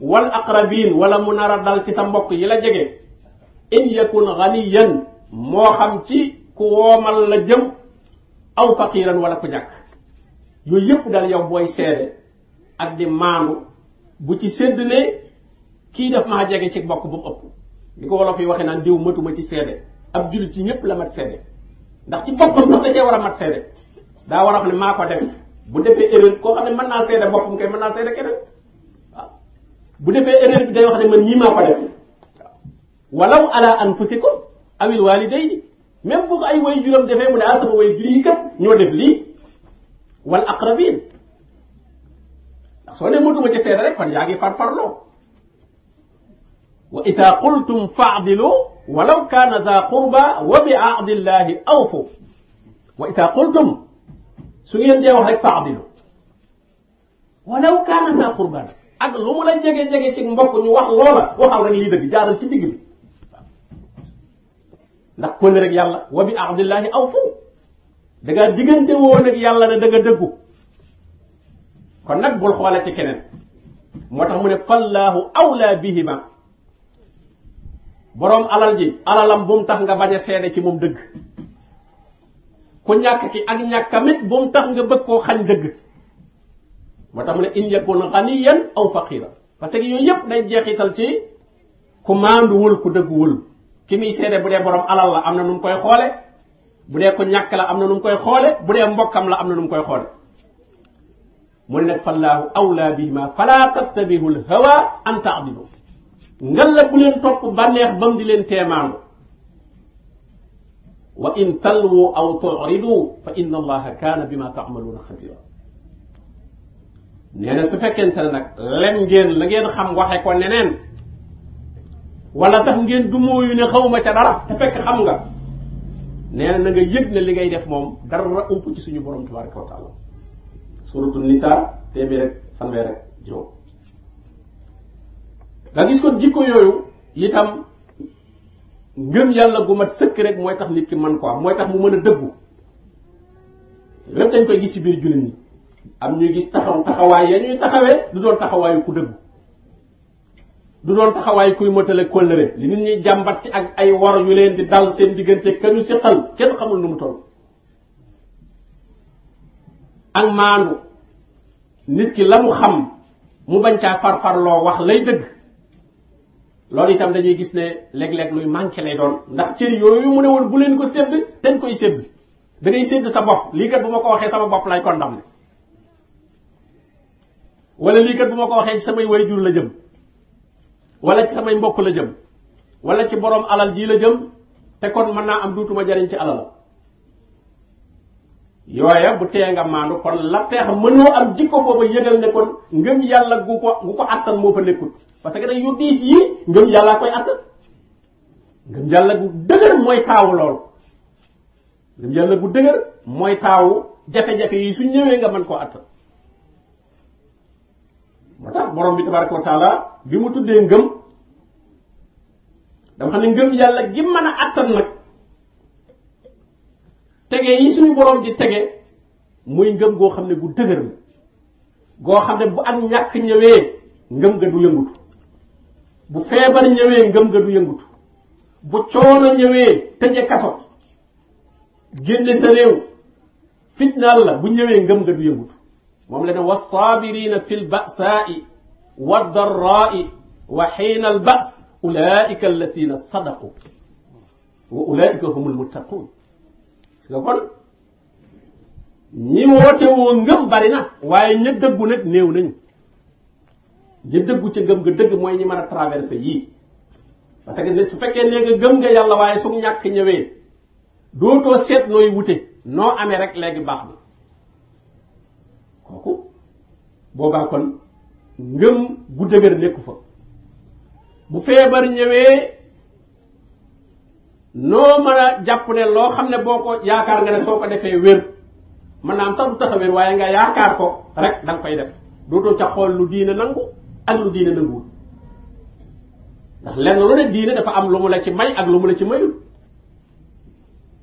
wal aqrabin wala mu nara a dal ci sa mbokk yi la jege in yakun ganiyan moo xam ci ku woomal la jëm aw faqiran wala ku ñàkk yooyu yépp daal yow booy seede ak di maandu bu ci séddale kii daf maa jege ci mbokk bu mu ëpp li ko wolof yi waxee naan diw matuma ci seede ab jullit ci ñépp la mat seede ndax ci boppam sax da cee war a mat seede daa war a wax ne maa ko def bu defee erreur koo xam ne mën naa seede boppam kay mën naa seede keneen bu defee erreur bi day wax ne man ñii maa ko def walaw ala anfusikum awil walidayni même bu ko ay way juróom defee mu ne ah sama way jur yi kat ñoo def lii wal aqrabin ndax soo ne mënuma ca seede rek kon yaa ngi farfarloo wa ida qultum faadilu walaw kaana za qurba wa bi ahdillahi awfu wa ida qultum su ngeen dee wax rek faadilu walaw kaana za qurba ak lu mu la jege jege ci mbokk ñu wax loola waxal rek lii dëgg jaaral ci digg bi ndax kóll rek yàlla wa bi ahdillahi aw fu da diggante woon ak yàlla ne da nga dëggu kon nag bul xoole ci keneen moo tax mu ne fallaahu awla bihima boroom alal ji alalam bu tax nga bañ seede ci moom dëgg ku ñàkk ki ak ñàkkamit bu mu tax nga bëgg koo xañ dëgg moo tax mu ne in yakun ganiyan aw faqira parce que yooyu yëpp day jeexital ci ku maanduwul ku dëgguwul ki muy seede bu dee borom alal la am na nu mu koy xoole bu dee ko ñàkk la am na nu koy xoole bu dee mbokkam la am na nu mu koy xoole mu ne nag fallaahu awlaa bihima fala tattabihu l an taadilu ngal la bu leen topp bànneex bam di leen teemaandu wa in talwu aw turidu fa inna allaha kaana bima taamaluuna xabira nee na su fekkente ne nag len ngeen la ngeen xam waxe ko neneen wala sax ngeen du mooyu ne xawma ca dara te fekk xam nga nee na na nga yëg ne li ngay def moom dara ump ci suñu borom tabaraka wa taala suratu nisa téeméer rek fanweer rek juróom nga gis kon jikko yooyu itam ngëm yàlla gu mat sëkk rek mooy tax nit ki man ko am mooy tax mu mën a dëggu lépp dañ koy gis ci biir jullit ñi am ñuy gis taxaw taxawaay ya ñuy taxawee du doon taxawaayu ku dëgg du doon taxawaay kuy motale kóllëre li nit ñi jàmbat ci ak ay war yu leen di dal seen diggante kañu seqal kenn xamul nu mu toll ak maandu nit ki la mu xam mu bañ kaa caa loo wax lay dëgg loolu itam dañuy gis ne léeg-léeg luy manqué lay doon ndax cër yooyu mu ne woon bu leen ko sédd dañ koy sédd da ngay sédd sa bopp lii kat bu ma ko waxee sama bopp lay condamné wala lii kat bu ma ko waxee ci samay jur la jëm wala ci samay mbokk la jëm wala ci boroom alal jii la jëm te kon mën naa am duutuma jariñ ci alal yooya bu tee nga maandu kon la teex mënoo am jikko booba yëgal ne kon ngëm yàlla gu ko gu ko attan moo fa nekkut parce que nag yu diis yi ngëm yàllaa koy attan ngëm yàlla gu dëgër mooy taawu lool ngëm yàlla gu dëgër mooy taawu jafe-jafe yi su ñëwee nga mën koo attan moo tax borom bi tabaraka wa taala bi mu tuddee ngëm dama xam ne ngëm yàlla gi mën a àttan nag tege yi suñu borom di tege muy ngëm goo xam ne gu dëgër la goo xam ne bu ak ñàkk ñëwee ngëm nga du yëngutu bu feebar ñëwee ngëm nga du yëngutu bu coono ñëwee tëje kaso génne sa réew fitnaal la bu ñëwee ngëm nga du yëngutu moom la ne wassaabirina fi lbasaai waddarraai wa xiina albas ulaika allatina sadaqu wa ulaika hum almuttaquun nga kon ñi woote woo ngëm bari waaye ña dëggu nag néew nañu ña dëggu ca ngëm dëgg mooy ñi mën a traversé yii su fekkee nee nga gëm nga yàlla waaye su ñàkk ñëwee dootoo seet nooy wute noo amee rek léegi baax na boobaa kon ngëm bu dëgër nekku fa bu feebar ñëwee noo mën a jàpp ne loo xam ne boo ko yaakaar nga ne soo ko defee wér mën naa am sax du tax a wér waaye nga yaakaar ko rek da nga koy def dootoo ca xool lu diina nangu ak lu diina nanguwul ndax lenn lu ne diina dafa am lu mu la ci may ak lu mu la ci mayul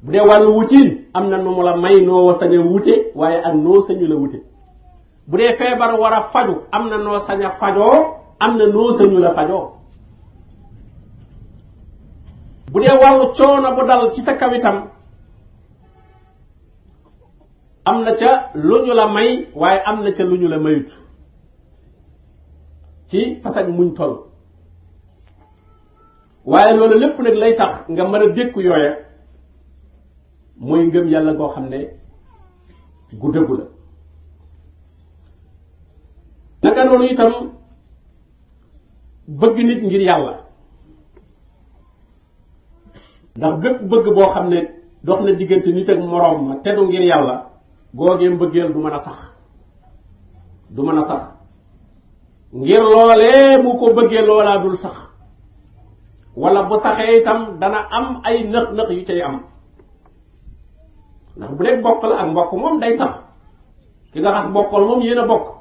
bu dee wàllu wutiin am na nu mu la may noo sañ wute waaye ak noo sañu la wute bu dee feebar war faju am na noo sañ a fajoo am na noo sañu la fajoo bu dee wàllu coono bu dal ci sa kaw am na ca lu ñu la may waaye am na ca lu ñu la mayut ci façon muñ toll waaye loolu lépp nag lay tax nga mën a dékku yooya mooy ngëm yàlla goo xam ne gu la naka noonu itam bëgg nit ngir yàlla ndax bëgg boo xam ne dox na diggante nit ak moroom ma teddu ngir yàlla googee mbëggeel du mën a sax du mën a sax ngir loolee mu ko bëggee loolaa sax wala bu saxee itam dana am ay nëx-nëx yu cay am ndax bu dee bokk la ak mbokk moom day sax ki nga xas bokkal moom yéen a bokk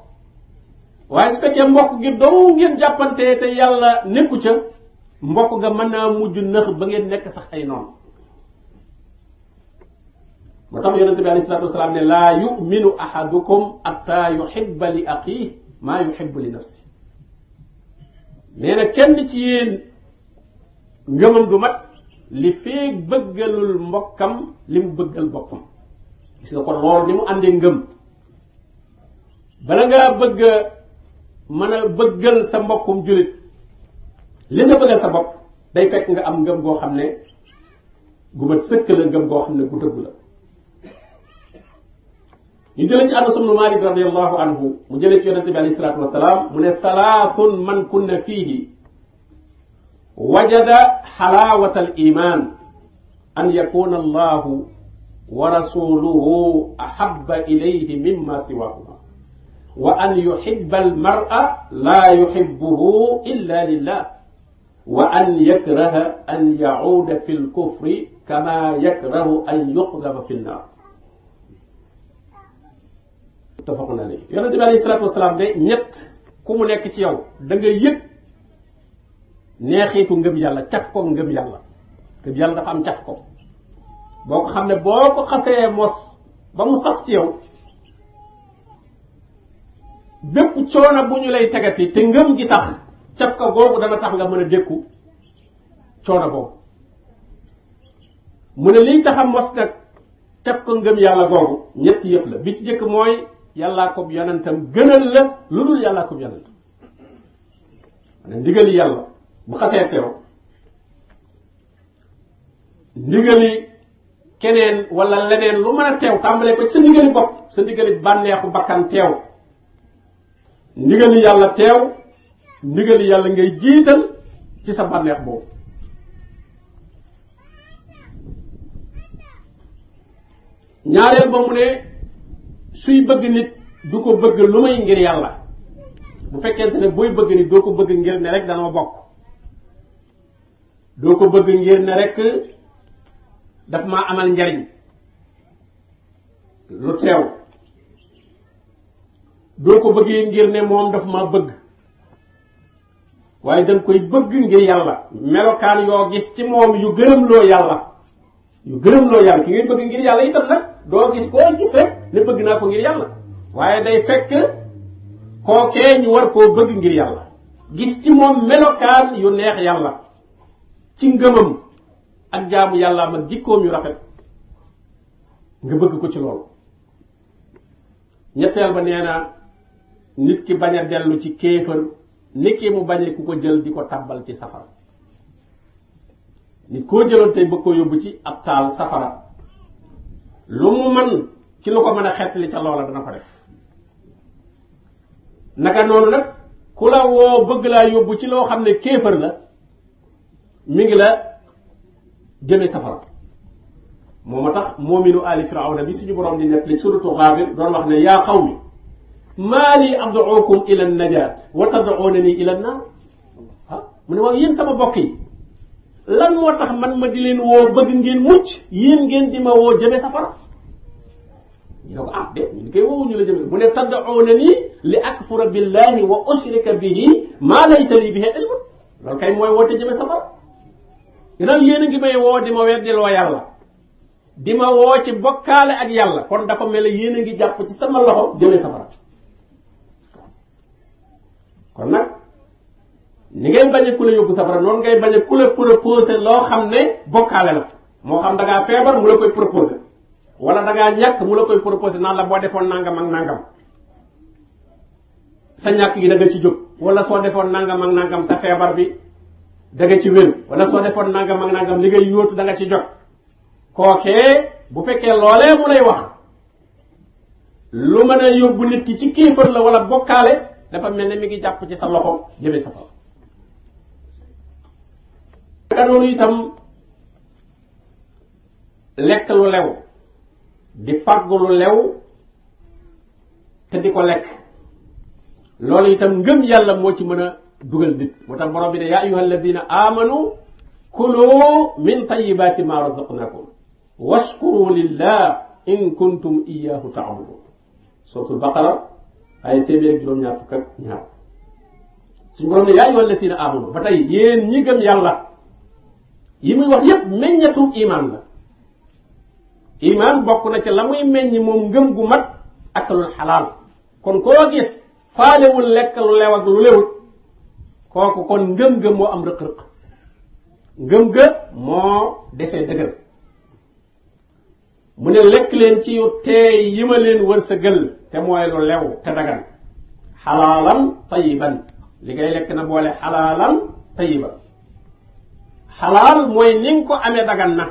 waaye su fekkee mbokk gi dong ngeen jàppante te yàlla nekku ca mbokk nga mën na mujj nëx ba ngeen nekk sax ay noonu moo tax yonente bi alayhi salatu wasalaam ne laa yuminu ahadukum hatta yuhibba li aqihi maa yuhibbu li nafsi nee kenn ci yéen ngëmam du mat li feeg bëggalul mbokkam li mu bëggal boppam gis nga kon loolu ni mu àndee ngëm bala ngaa bëgg mën a bëggal sa mbokkum jullit li nga bëggal sa bopp day fekk nga am ngëm goo xam ne gu mat sëkk la ngëm goo xam ne gu dëgg la ñu jëlee ci anas ibnu malik radiallahu anhu mu jëlee ci yonente bi alayhi salatu wasalaam mu ne salaasun man kunna fiihi wajada xalaawata al iman an yakuna allahu wa rasuluhu ahabba ilayhi mimma siwahuma wa an yuhibba almar'a la yuhibbuhu illa lillah wa an yakraha an yauda fi lkufri kama yakrahu an yuqdaba fi nnaar muttafaqun alayhi yonente bi alayhi salaatu wasalaam de ñett ku mu nekk ci yow da nga yëg neexiitu ngëm yàlla caf ko ngëm yàlla ngëm yàlla dafa am caf ko boo ko xam ne boo ko xasee mos ba mu sax ci yow bépp coono bu ñu lay tegati te ngëm gi tax caf ka googu dana tax nga mën a dékku coono boobu mu ne liy taxam mos nag caf ka ngëm yàlla googu ñetti yëf la bi ci jëkk mooy yàllaa kob yonentam gënal la lu dul yàllaa kob yonentam ne ndigali yàlla bu xasee teew ndigali keneen wala leneen lu mën a teew tàmbalee ko ci sa ndigali bopp sa ndigali bànneexu bakkan teew ndigali yàlla teew ndigali yàlla ngay jiital ci sa bànneex boobu ñaareel ba mu ne suy bëgg nit du ko bëgg lu may ngir yàlla bu fekkente ne booy bëgg nit doo ko bëgg ngir ne rek danoo bokk doo ko bëgg ngir ne rek daf maa amal njariñ lu teew doo ko bëggee ngir ne moom daf ma bëgg waaye danga koy bëgg ngir yàlla melokaan yoo gis ci moom yu gërëm loo yàlla yu gërëm loo yàlla ki ngay bëgg ngir yàlla itam gis bëgg naa ko yàlla waaye day fekk kookee bëgg ngir yàlla gis ci moom melokaan yu neex yàlla ci ngëmam ak jaamu yàlla ak jikkoom yu rafet nga bëgg ko ci loolu ñetteel ba nee nit ki bañ a dellu ci kéefër ni ki mu bañee ku ko jël di ko tàbbal ci safara nit koo jëloon tey bëgg ko yóbbu ci ab taal safara lu mu mën ci lu ko mën a xettali ca loola dana ko def naka noonu nag ku la woo bëgg laa yóbbu ci loo xam ne kéefër la mi ngi la jëme safara moo ma tax moominu ali firawna bi suñu borom di nekk li suratu Gaafir doon wax ne yaa xaw mi maa lii ad'uukum ila najaat wa tad'uunanii ila naar ah mu ne waaw sama bokk yi lan moo tax man ma di leen woo bëgg ngeen mucc yéen ngeen di ma woo jëme safara ñu ne ah, ñu koy la jëme mu ne tad'uunanii li akfura billahi wa ushrika bihi maa laysa lii bihi ilm loolu kay mooy woote jëme safara ginnaaw yéen a ngi may woo di ma weddiloo yàlla di ma woo ci bokkaale ak yàlla kon dafa mel ne yéen a ngi jàpp ci sama loxo jëme safara kon nag ni ngay bañ a ku la yóbbu safara noonu ngay bañ a ku la proposé loo xam ne bokkaale la moo xam da ngaa feebar mu la koy proposé wala da ngaa ñàkk la boo defoon nangam ak nangam sa ñàkk gi da ci jóg wala soo defoon nangam ak nangam sa bi da ci wér wala defoon nangam ak nangam li ngay yóotu da nga ci jot kookee bu fekkee loolee mu lay wax lu mën a yóbbu nit ki ci kéefër la wala bokkaale dafa mel ne mi ngi jàpp ci sa loxo jëme sa kaw itam lekk lu lew di fàggu lu lew te di ko lekk loolu itam ngëm yàlla moo ci mën a dugal nit moo tax borom bi ne yaa ayyuha amanu kulu min tayibaati ma razaqnakum washkuru lillah in kuntum iyahu taabudun suratul baqara ay téeméer ak juróom-ñaar fukk ak ñaar suñu borom ne yaa ayyuhal lazina amanu ba tey yéen ñi gëm yàlla yi muy wax yépp meññatum imaan la imaan bokk na ci la muy meññ moom ngëm gu mat ak lu xalaal kon koo gis faalewul lekk lu lewut kooku kon ngëm ga moo am rëq-rëq ngëm ga moo desee dëgër mu ne lekk leen ci yu teey yi ma leen wërsëgal te mooy lu lew te dagan xalaalan tayiban li ngay lekk na boole xalaalan tayiba xalaal mooy ni ko amee dagan na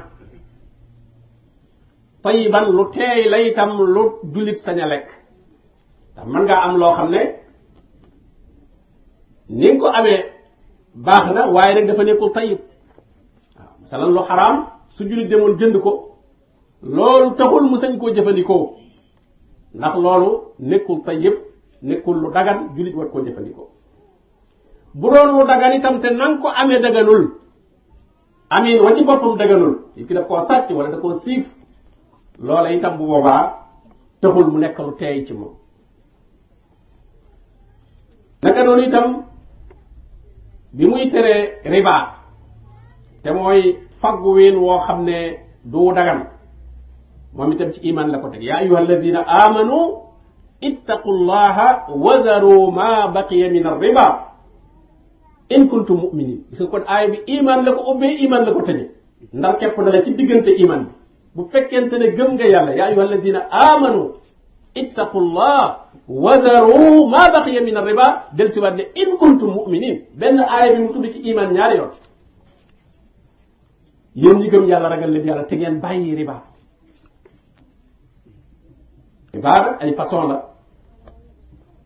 tayiban lu teey la itam lu jullit sañ lekk ndax mën ngaa am loo xam ne ni ko amee baax na waaye nag dafa nekkul tayib waaw masalan lu xaraam su jullit demoon jënd ko loolu taxul mu sañ koo jëfandikoo ndax loolu nekkul tayyib nekkul lu dagan jullit wa ko jëfandikoo bu doon lu dagan itam te na ko amee daganul amin wa ci boppam daganul yi ki daf ko sàcc wala da koo siif loola itam bu boobaa taxul mu nekk lu teey ci moom naka itam bi muy tere riba te mooy faggu wiin woo xam ne du dagan moom itam ci iman la ko teg yaa ayuha alladina amanu ittaqu llaha wadaru ma baqiya min arriba in kuntum muminin gis nga kon aaya bi iman la ko ubbee iman la ko tëjee ndar képp na la ci diggante iman bi bu fekkente ne gëm nga yàlla yaa ayuha alladina amanu ittaqu llah wadaru ma baqiya min arriba del si waat ne in kuntum muminin benn aaya bi mu tudd ci iman ñaari yoon yéen ñi gëm yàlla ragal leen yàlla te ngeen bàyyi riba ibaada ay façon la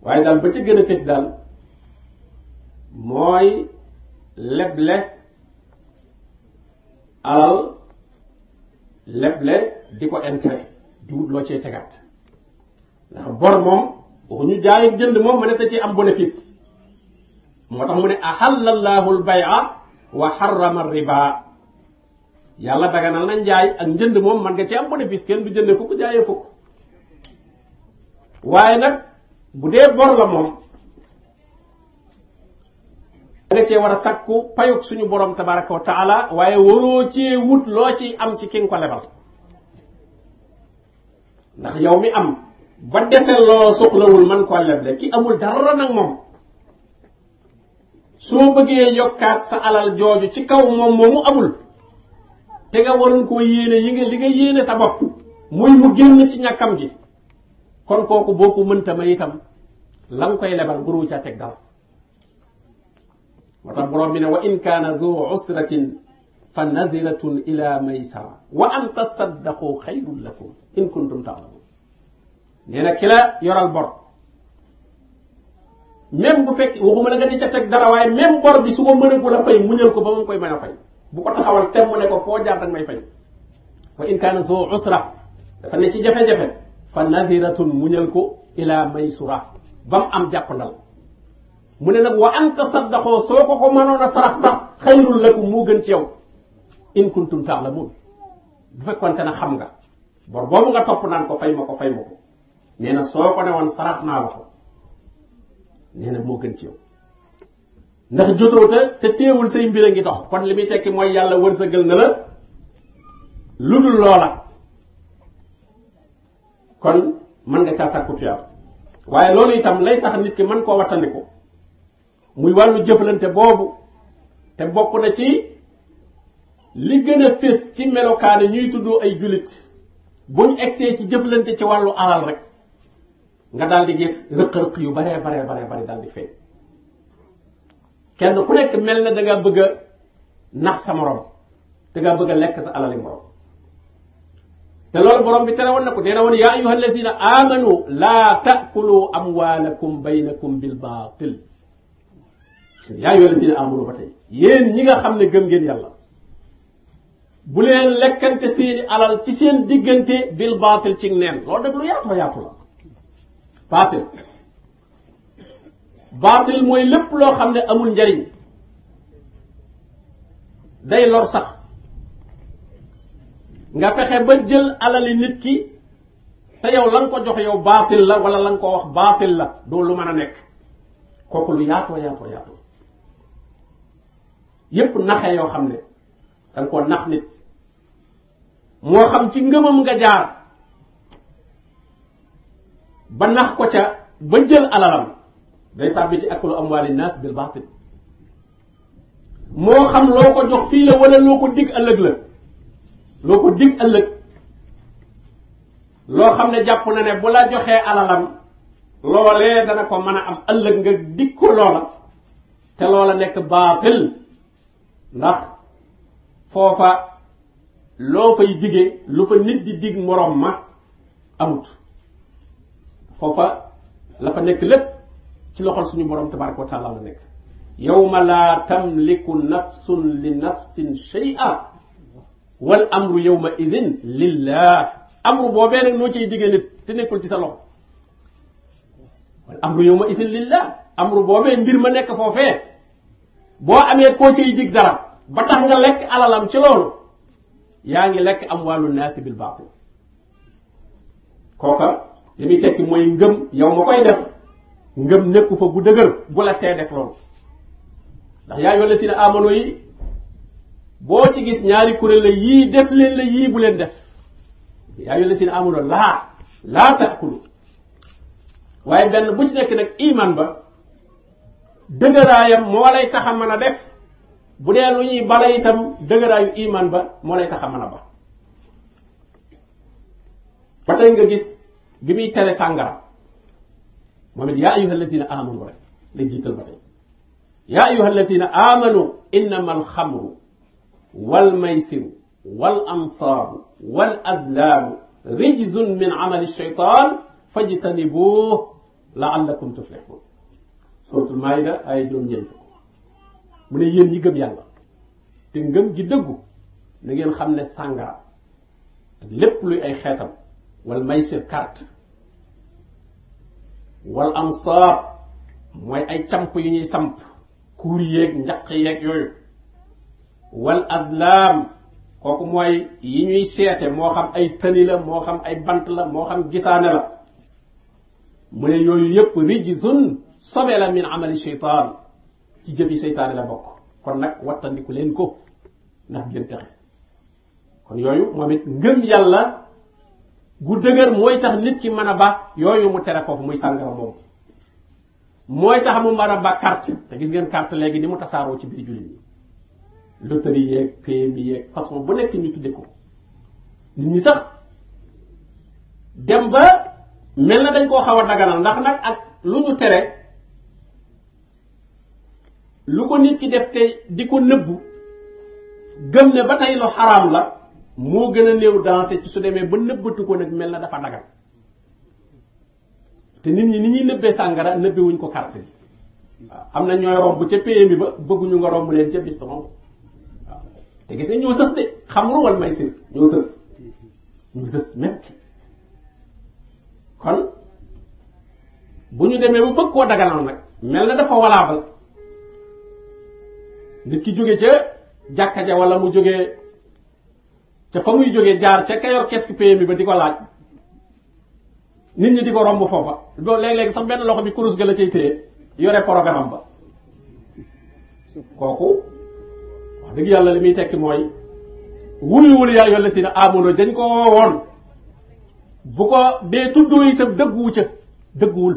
waaye daal ba ca gën a fës daal mooy leble alal leble di ko intérêt di loo cee tegaat ndax bor moom waxuñu jaay jënd moom ma ne sa ci am bénéfice moo tax mu ne ahalla allahu al-bay'a wa harrama ar-riba yàlla daganal na njaay ak njënd moom man nga cee am bénéfice kenn bu jëndee fukk jaayee fukk waaye nag bu dee bor la moom danga cee war a sakku payug suñu boroom tabaraka waaye waroo cee wut loo ci am ci ki nga ko lebal ndax yow mi am ba dese loo soxlawul man koo leble ki amul dara nag moom soo bëggee yokkaat sa alal jooju ci kaw moom moomu amul te nga waroon koo yéene yi nga li nga yéene sa bopp muy mu génn ci ñàkkam gi kon kooku boo ko mënta may itam la nga koy lebal buru ca teg dal moo tax bi ne wa in kaana zu usratin fa naziratun ila maysara wa an tasaddaqu xayrun lakum in kuntum taalamun nee na ki yoral bor même bu fekk waxuma la nga ko a la fay muñal ko ba mu koy mën fay bu ko taxawal temm ne ko foo jaar may fay wa in kaana zu usra dafa ne ci jafe-jafe fa nadiratun muñal ko ila maysura ba am am jàppandal mu ne nag wa an tasaddaqoo soo ko ko mënoon a sarax sax xayrul lakum moo gën ci yow in kuntum ta'lamun bu fekkoonte ne xam nga bor boobu nga topp naan ko fay ma ma na soo ko moo gën ci yow ndax jotoo te te ngi dox kon li muy tekki mooy yàlla wërsëgal na la lu dul loola kon mën nga caa sàkku tuyaab waaye loolu itam lay tax nit ki mën koo wattandiku muy wàllu jëflante boobu te bokk na ci li gën a fés ci melokaane ñuy tuddoo ay jullit buñ egsee ci jëflante ci wàllu alal rek nga daal di gis rëq-rëq yu baree baree baree bari daal di feeñ kenn ku nekk mel na da nga bëgg a nax sa morom da nga a lekk sa alali morom te loolu borom bi tere woon na ko nee na woon bi ayuha allazina amanu laa taakulu amwaalakum baynakum bil baatil yaa ayuha allazina amanu ba tey yéen ñi nga xam ne gëm ngeen yàlla bu leen lekkante seeni alal ci diggante bil baatil ci neen loolu dëgg lu yaatu yaatu baatil mooy lépp loo xam ne amul njariñ nga fexe ba jël alali nit ki te yow la ko jox yow baatil la wala la nga ko wax baatil la doo lu mën a nekk kooku lu yaatoo yaatoo yaatoo yépp naxe yoo xam ne danga ko nax nit moo xam ci ngëmam nga jaar ba nax ko ca ba jël alalam day tàbbi ci akulu amwaali naas bil baatil moo xam loo ko jox fii la wala loo ko dig ëllëg la loo ko dig ëllëg loo xam ne jàpp na ne bu la joxee alalam loolee dana ko mën a am ëllëg nga dig ko loola te loola nekk baatil ndax foofa loo fay digee lu fa nit di dig moroom ma amut foofa la fa nekk lépp ci loxol suñu borom tabaraka wa taala la nekk yawma laa tamliku nafsun li nafsin shay'a wal amru yawma idin lillah amru boobee nag noo ciy diggee nit te nekkul ci sa loxo wal amru yawma idin lillah amru boobee mbir ma nekk foofee boo amee koo ciy dig dara ba tax nga lekk alalam ci loolu yaa ngi lekk am wàllu naasi bil baatil kooka li muy tekki mooy ngëm yow ma koy def ngëm nekku fa gu dëgër gu la tee def loolu ndax yaa yoo la si ne amano yi boo ci gis ñaari kuréel la yii def leen la yii bu leen def yaa yu la si ne amuloo laa laa taakulu waaye benn bu ci nekk nag iman ba dëgëraayam moo lay tax a def bu dee lu ñuy bala itam dëgëraayu iman ba moo lay tax a ba ba tey nga gis bi muy tere sàngara moom it yaa ayuha alladina amanu rek lay jiital ba tey yaa ayuha alladina amanu innama alxamru wal maysiru wal ansaabu wal azlaamu rijzun min amali shaytaan fajtanibuuhu la'allakum tuflihun suratul maayida ay juróom-ñeent mu ne yéen ñi gëm yàlla te ngëm gi dëggu na ngeen xam ne sàngara ak lépp luy ay xeetam wal maysir carte wal ansaab mooy ay camp yu ñuy samp kuur yeeg njaq yeeg yooyu wal azlam kooku mooy yi ñuy seete moo xam ay tëni la moo xam ay bant la moo xam gisaane la mu ne yooyu yépp rijzun sobe la min amali shaytaan ci jëfi seytaane la bokk kon nag wattandiku leen ko ndax ngeen texe kon yooyu moom it ngëm yàlla gu dëgër mooy tax nit ki mën a ba yooyu mu tere foofu muy sàngara moom mooy tax mu mën a ba carte te gis ngeen carte léegi ni mu tasaaroo ci biir jullit ñi loterie yeeg PMI yeeg façon bu nekk ñu tudde ko nit ñi sax dem ba mel na dañ koo xawa a ndax nag ak lu ñu tere lu ko nit ki def te di ko nëbbu gëm ne ba tey lu xaraam la moo gën a néew danse ci su demee ba nëbbatu ko nag mel na dafa dagan te nit ñi ni ñuy nëbbee sàngara nëbbewuñ ko carte bi waaw am na ñooy romb ca PMI ba bëgguñu nga romb leen ca bis te gis nga ñoo sës de xamru wal maysir ñoo sës ñoo sës mekk kon bu ñu demee bu bëgg koo daganal nag mel na dafa walaabal nit ki jóge ca jàkka ja wala mu jóge ca fa muy jógee jaar ca kayor kees ki bi ba di ko laaj nit ñi di ko romb foofa loolu léeg-léeg sax benn loxo bi kurus ga la cay téye yore programme ba kooku dëgg yàlla li muy tekki mooy wuli wuli yaa yolla si amuloo amono dañ ko woon bu ko bee tuddoo itam dëgguwu ca dëgguwul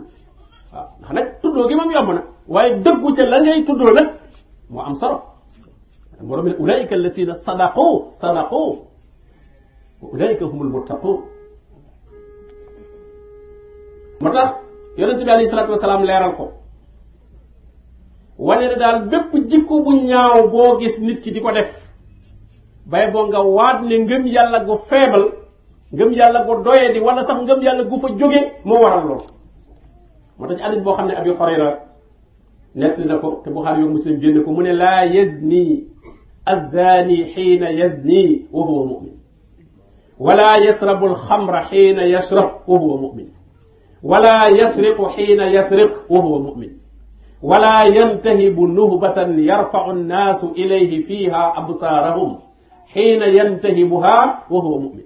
waaw ndax nag tuddoo gi moom yomb na waaye dëggu ca la ngay tuddoo nag moo am solo borom bi ne ulaika alladina sadaqu sadaqu wa ulaika humul muttaqun moo tax yonente bi wasalaam leeral ko wane daal bépp jikko bu ñaaw boo gis nit ki di ko def bay boo nga waat ne ngëm yàlla gu faible ngëm yàlla gu doye di wala sax ngëm yàlla gu fa jóge moo waral lool moo tax hadiis boo xam ne Abi Hurayra nettali na ko te Buxaari yow Muslim génne ko mu ne laa yazni azzaani xiina yazni wa huwa mu'min wala yasrabu alxamra xiina yasrab wa huwa mu'min wala yasriqu xiina yasriq wa huwa mu'min wala yantahibu nuhbatan yarfau nnaasu ilayhi fiha absaarahum xiina yantahibuha wa huwa mumin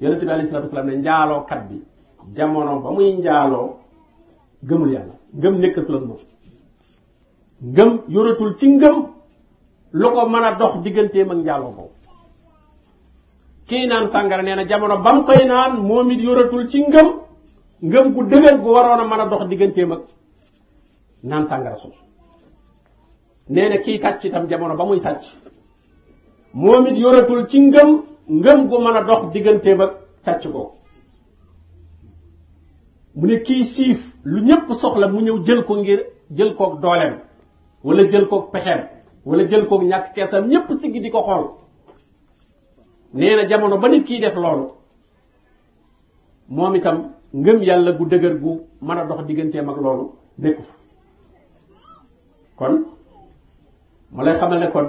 yonente bi alayhi salatu wasalaam ne njaalookat bi jamono ba muy njaaloo gëmul yàlla ngëm nekkatul moom ngëm yoratul ci ngëm lu ko mën a dox digganteem ak njaaloo boobu kii naan sàngara nee na jamono ba mu koy naan moom it yoratul ci ngëm ngëm gu dëgër gu waroon mën a dox diggantee ak naan sàngara soosu nee na kiy sàcc itam jamono ba muy sàcc moom it yoratul ci ngëm ngëm gu mën a dox diggante ba sàcc ko mu ne kiy siif lu ñëpp soxla mu ñëw jël ko ngir jël koog dooleem wala jël kook pexeem wala jël kook ñàkk keesam ñëpp siggi di ko xool nee jamono ba nit kiy def loolu moom itam ngëm yàlla gu dëgër gu mën a dox digganteem ak loolu nekku fa kon mu lay xamal ne kon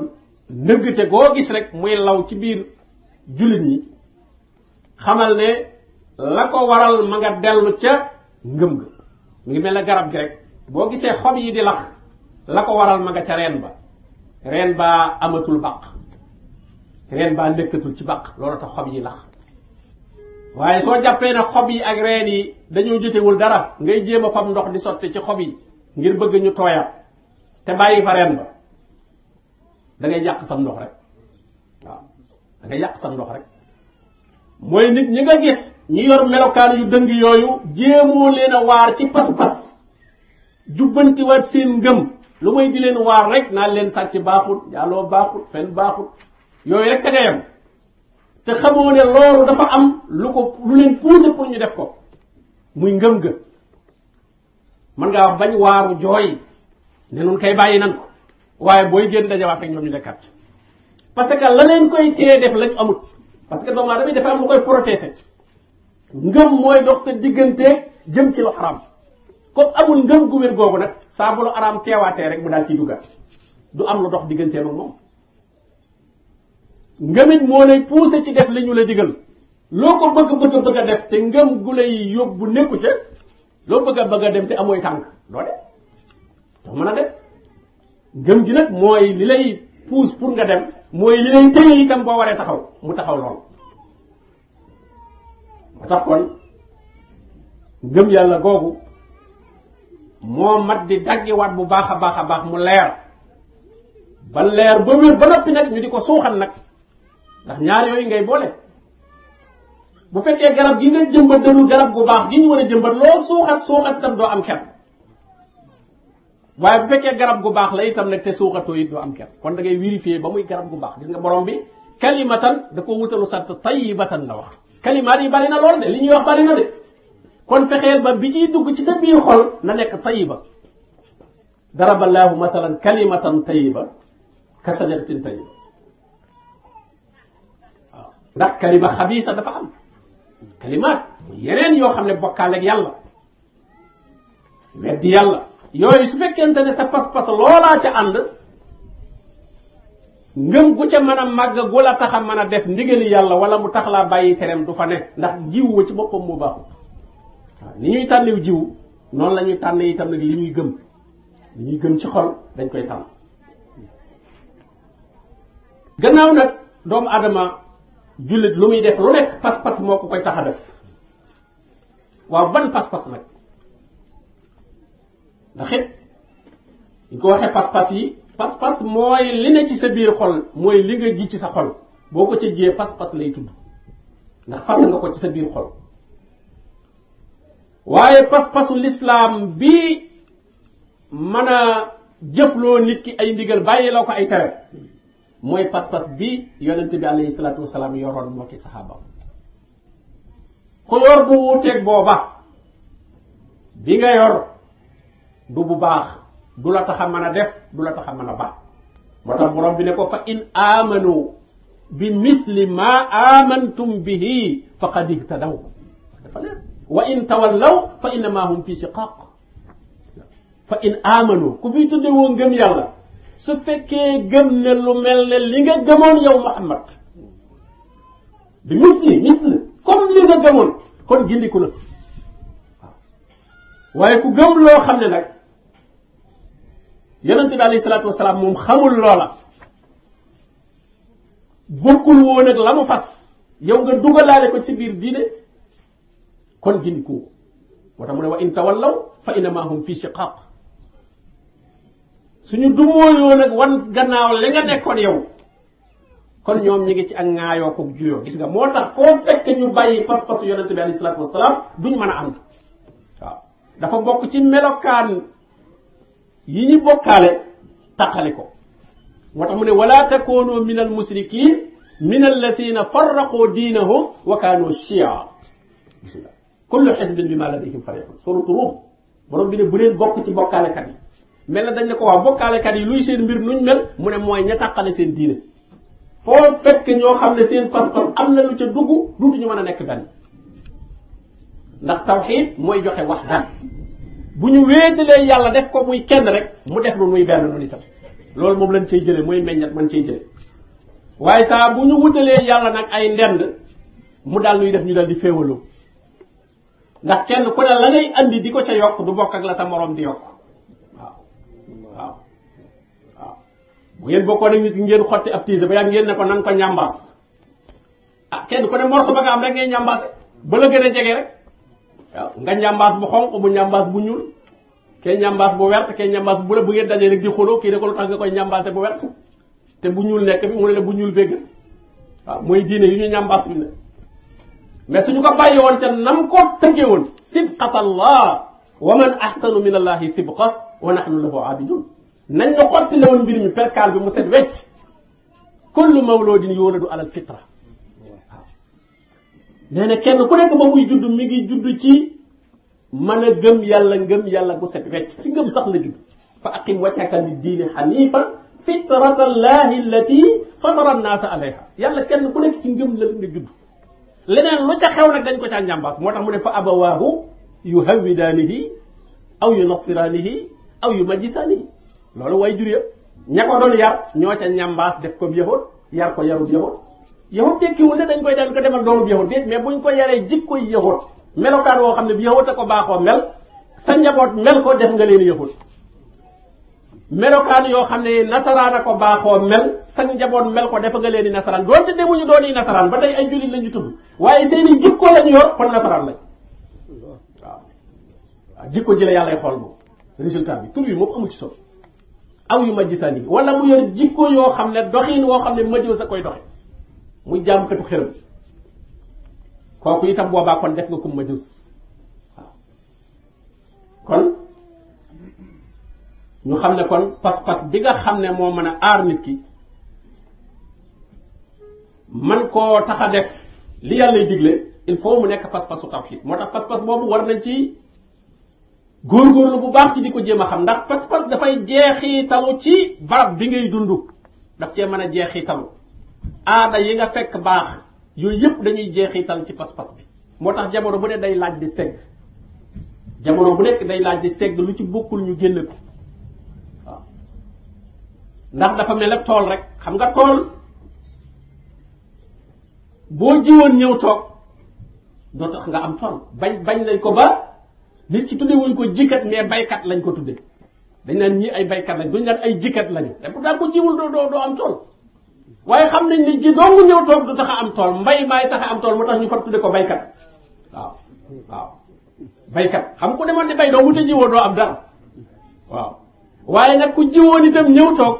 ndëggte goo gis rek muy law ci biir jullit yi xamal ne la ko waral ma nga dellu ca ngëm ga mu ngi mel ne garab gi rek boo gisee xob yi di lax la ko waral ma nga ca reen ba reen baa amatul baq reen baa nekkatul ci baq loolu tax xob yi lax waaye soo jàppee na xob yi ak reen yi dañoo jotewul dara ngay jéem a fab ndox di sotti ci xob yi ngir bëgg ñu tooyat te bàyyi fa reen ba da ngay yàq sam ndox rek waaw da yàq sam ndox rek mooy nit ñi nga gis ñi yor melokaan yu dëng yooyu jéemoo leen a waar ci pas-pas jubbantiwaat seen ngëm lu may di leen waar rek naan leen sàcc baaxut yàlloo baaxut fen baaxut yooyu rek ca nga yem te xamoo ne loolu dafa am lu ko lu leen pousser pour ñu def ko muy ngëm ga mën ngaa bañ waaru jooy ne nun kay bàyyi nan ko waaye booy génn dajawaat ak ñoom ñu ne ci parce que la leen koy téye def lañ amut parce que doomu aadama dafa am lu koy protéger ngëm mooy dox sa diggante jëm ci lu xaram comme amul ngëm gu wér googu nag saa bu lu xaram teewaatee rek mu daal ci duggaat du am lu dox diggantee ak moom ngëmit moo lay pousser ci def li ñu la digal loo ko bëgg bëgg bëgg a def te ngëm gu lay yóbbu nekku ca loo bëgg a bëgg a dem te amooy tànk doo def ko mën a def ngëm gi nag mooy li lay pousse pour nga dem mooy li lay téye itam boo waree taxaw mu taxaw lool ba tax kon ngëm yàlla googu moo mat di daggiwaat bu baax a baax a baax mu leer ba leer ba wér ba noppi nag ñu di ko suuxal nag ndax ñaar yooyu ngay boole bu fekkee garab gi nga jëmbat dañu garab gu baax gi ñu war a jëmbat loo suuxat suuxat tam doo am xel waaye bu fekkee garab gu baax la itam nag te suuxatoo it am ker kon da ngay vérifier ba muy garab gu baax gis nga borom bi kalimatan da ko wutalu sant tayyibatan la wax kalimaat yi bari na lool de li ñuy wax bari na de kon fexeel ba bi ciy dugg ci sa biir xol na nekk tayyiba daraba allahu masalan kalimatan tayyiba ka sajaratin tayyiba waaw ndax kalima xabiisa dafa am kalimaat yeneen yoo xam ne bokkaal ak yàlla weddi yàlla yooyu su fekkente ne sa pas-pas loolaa ca ànd ngëm gu ca mën a màgg gu la tax a a def ndigali yàlla wala mu tax laa bàyyi tereem du fa ne ndax jiwu wa ci boppam moo baaxul waaw ni ñuy tànniw jiw noonu lañuy ñuy tànn itam nag li ñuy gëm li ñuy gëm ci xol dañ koy tànn gannaaw nag doomu adama jullit lu muy def lu nekk pas-pas moo ko koy tax a def waaw ban pas-pas nag ndax it ñu ko waxe pas-pas yi pas-pas mooy li ne ci sa biir xol mooy li nga ji ci sa xol boo ko ci jiyee pas-pas lay tudd ndax fas nga ko ci sa biir xol waaye pas-pasu lislaam bi mën a jëfloo nit ki ay ndigal bàyyi la ko ay tere mooy pas-pas bi yonent bi alayhi salaatu wasalaam yoroon moo ki saxaabam ku yor bu wuuteeg booba bi nga yor du bu baax du la tax a def du la tax a mën a baax bi ne ko fa in amanu bi misli ma amantum bihi faqad ihtadaw dafa leer wa in hum fi shiqaq fa in ku fi tudde woo ngëm yàlla su fekkee gëm ne lu mel ne li nga gëmoon yow Muhammad bi misli misli comme li nga gëmoon kon gindiku na waaye ku gëm loo xam ne nag yonente bi alayhi salaatu wasalaam moom xamul loola bokkul woon ak la fas yow nga dugalaale ko ci biir diine kon gindikoo moo tax mu ne wa in tawallaw fa innama hum fi shiqaq suñu dumóoyoo nag wan gannaaw li nga nekkoon yow kon ñoom ñi ngi ci ak ŋaayoo ko juyoo gis nga moo tax foo fekk ñu bàyyi pas-pasu yonente bi alayhi salaatu wasalaam duñ mën a ànd waaw dafa bokk ci melokaan yi ñu bokkaale taqali ko mu ne wala takoonu min al musrikin min alladina farraqu diinahum wa kaanu chia bismillah kullu xisbin bi ma ladayhim fariqun suratu ruum borom bi ne bu leen bokk ci bokkaalekat yi na dañ ne ko waaw bokkaalekat yi luy seen mbir nuñ mel mu ne mooy ña taqale seen diine foo fekk ñoo xam ne seen pas am na lu ca dugg duutuñu mën a nekk benn ndax tawxiid mooy joxe wax daan bu ñu wéetalee yàlla def ko muy kenn rek mu def nu muy benn nu itam loolu moom lañ cay jëlee mooy meññat man cay jële waaye saa bu ñu wutalee yàlla nag ay ndend mu daal nuy def ñu daal di féewaloo ndax kenn ku ne la ngay andi di ko ca yokk du bokk ak la sa morom di yokk waaw waaw waaw bu ngeen bokkoon ak nit ngeen xotti ab tiise ba yàgg ngeen ne ko nan ko ñambaas ah kenn ku ne morso ba nga am rek ngay ñambaase ba la gën a jege rek waaw nga ñambaas bu xonq bu ñambaas bu ñuul ke ñambaas bu wert ke ñambaas bu bu la bu ngeen dajee rek di xuloo kii ne ko lu tax nga koy ñambaase bu wert te bu ñuul nekk bi mu ne la bu ñuul bégg mooy diine yu ñu ñambaas bi ne mais suñu ko bàyyi woon ca nam ko tëggee woon sibqat allah wa man ahsanu min allahi sibqa wa nahnu lahu abidun nañ ñu xotti la woon mbir mi perkaal bi mu set wecc kullu mawlodin yooladu alal fitra nee na kenn ku nekk ba muy judd mi ngi judd ci mën a gëm yàlla ngëm yàlla gu set wecc ci sax la judd fa aqim wajhaka li diini xaniifan fitrata allahi allati fatara yàlla kenn ku nekk ci ngëm la nga leneen lu ca xew nag dañ ko caa njàmbaas moo tax mu ne fa abawaahu yuhawwidaanihi aw yunassiraanihi aw yu yumajjisaanihi loolu way jur ya ña ko doon yar ñoo ca njàmbaas def ko yahood yar ko yarul yahood yahut tekkiwul ne dañ koy dal ko demal doomub yahut déet mais buñ ko yaree jikko yahut melokaan woo xam ne bi yahut a ko baaxoo mel sa njaboot mel ko def nga leen yahut melokaan yoo xam ne nasaraan a ko baaxoo mel sa njaboot mel ko def nga leen di nasaraan doonte demuñu doon yi nasaraan ba tey ay jullit lañu tudd waaye seeni jikko lañu yor kon nasaraan lañ waaw waaw jikko ji la yàllay xool moom résultat bi tur yi moom amu ci solo aw yu majjisaan yi wala mu yor jikko yoo xam ne doxin woo koy doxe muy jaamukatu xelam kooku itam boobaa kon def nga kum majus waaw kon ñu xam ne kon pas-pas bi nga xam ne moo mën a aar nit ki man koo tax a def li yàlla digle il faut mu nekk pas-pasu tawhid moo tax pas-pas boobu war a nañ ci góorgóorlu bu baax ci di ko jéem a xam ndax pas-pas dafay jeexitalu ci barab bi ngay dund daf cee mën a jeexitalu aada yi nga fekk baax yooyu yëpp dañuy jeexital ci pas-pas bi moo tax jamono bu ne day laaj di segg jamono bu nekk day laaj di segg lu ci bokkul ñu génn ko waaw ndax dafa mel tool rek xam nga tool boo jiwoon ñëw toog doo tax nga am tool bañ bañ lañ ko ba nit ci tudde wuñ ko jikkat mais baykat lañ ko tudde dañ naan ñii ay baykat lañ duñ naan ay jikkat lañu te bu ko jiwul doo doo doo am tool waaye xam nañ ni ji dong ñëw toog du tax a am tool mbay maay tax am tool moo tax ñu far tudde ko baykat waaw waaw baykat xam ku demoon ni bay dong te jiwoo doo am dara waaw waaye nag ku jiwoon itam ñëw toog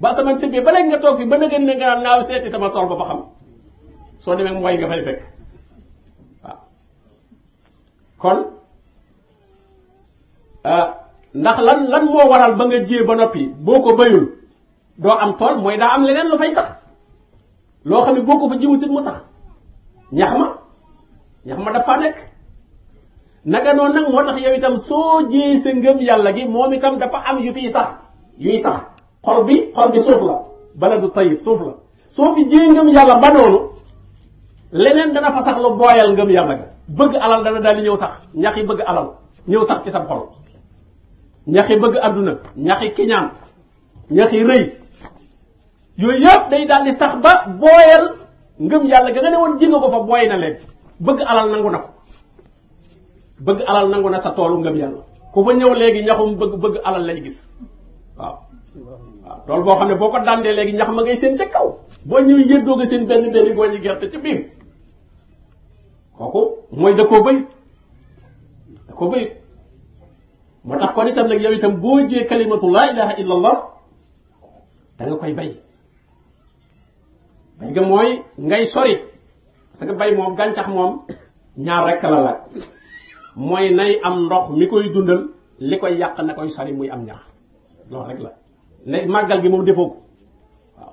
ba sama sëbee ba léegi nga toog fi ba nga gën ne nga naaw seeti sama tool ba ba xam soo demee mooy nga fay fekk waaw kon ah, ndax lan lan moo waral ba nga jiyee ba noppi boo ko bayul doo am tool mooy daa am leneen lu fay sax loo xam ne boo ko fa jiwutit mu sax ñax ma ñax ma dafa nekk naka noonu nag moo tax yow itam soo jiyee sa ngëm yàlla gi moom itam dafa am yu fiy sax yuy sax xol bi xol bi suuf la bala du tayib suuf la soo fi jiyee ngëm yàlla ba noonu leneen dana fa sax lu booyal ngëm yàlla ga bëgg alal dana daal di ñëw sax ñax yi bëgg alal ñëw sax ci sa xol ñax yi bëgg adduna ñax yi kiñaan ñax yi rëy yooyu yëpp day daal di sax ba booyal ngëm yàlla ga nga ne woon ji ko fa booy na léegi bëgg alal nangu na ko bëgg alal nangu na sa toolu ngëm yàlla ku fa ñëw léegi mu bëgg bëgg alal lañ gis waaw waaw tool boo xam ne boo ko dàndee léegi ñax ma ngay seen ca kaw boo ñëwee yëddoo nga seen benn benn boo ñu gerte ca biir kooku mooy da koo bëy da koo bëy moo tax kon itam nag yow itam boo jee kalimatu laa ilaha illa allah da koy bay bay mooy ngay sori parce que bay moom gàncax moom ñaar rek la laaj mooy nay am ndox mi koy dundal li ko yàq na koy sori muy am ñax loolu rek la ne màggal gi moom defoo ko waaw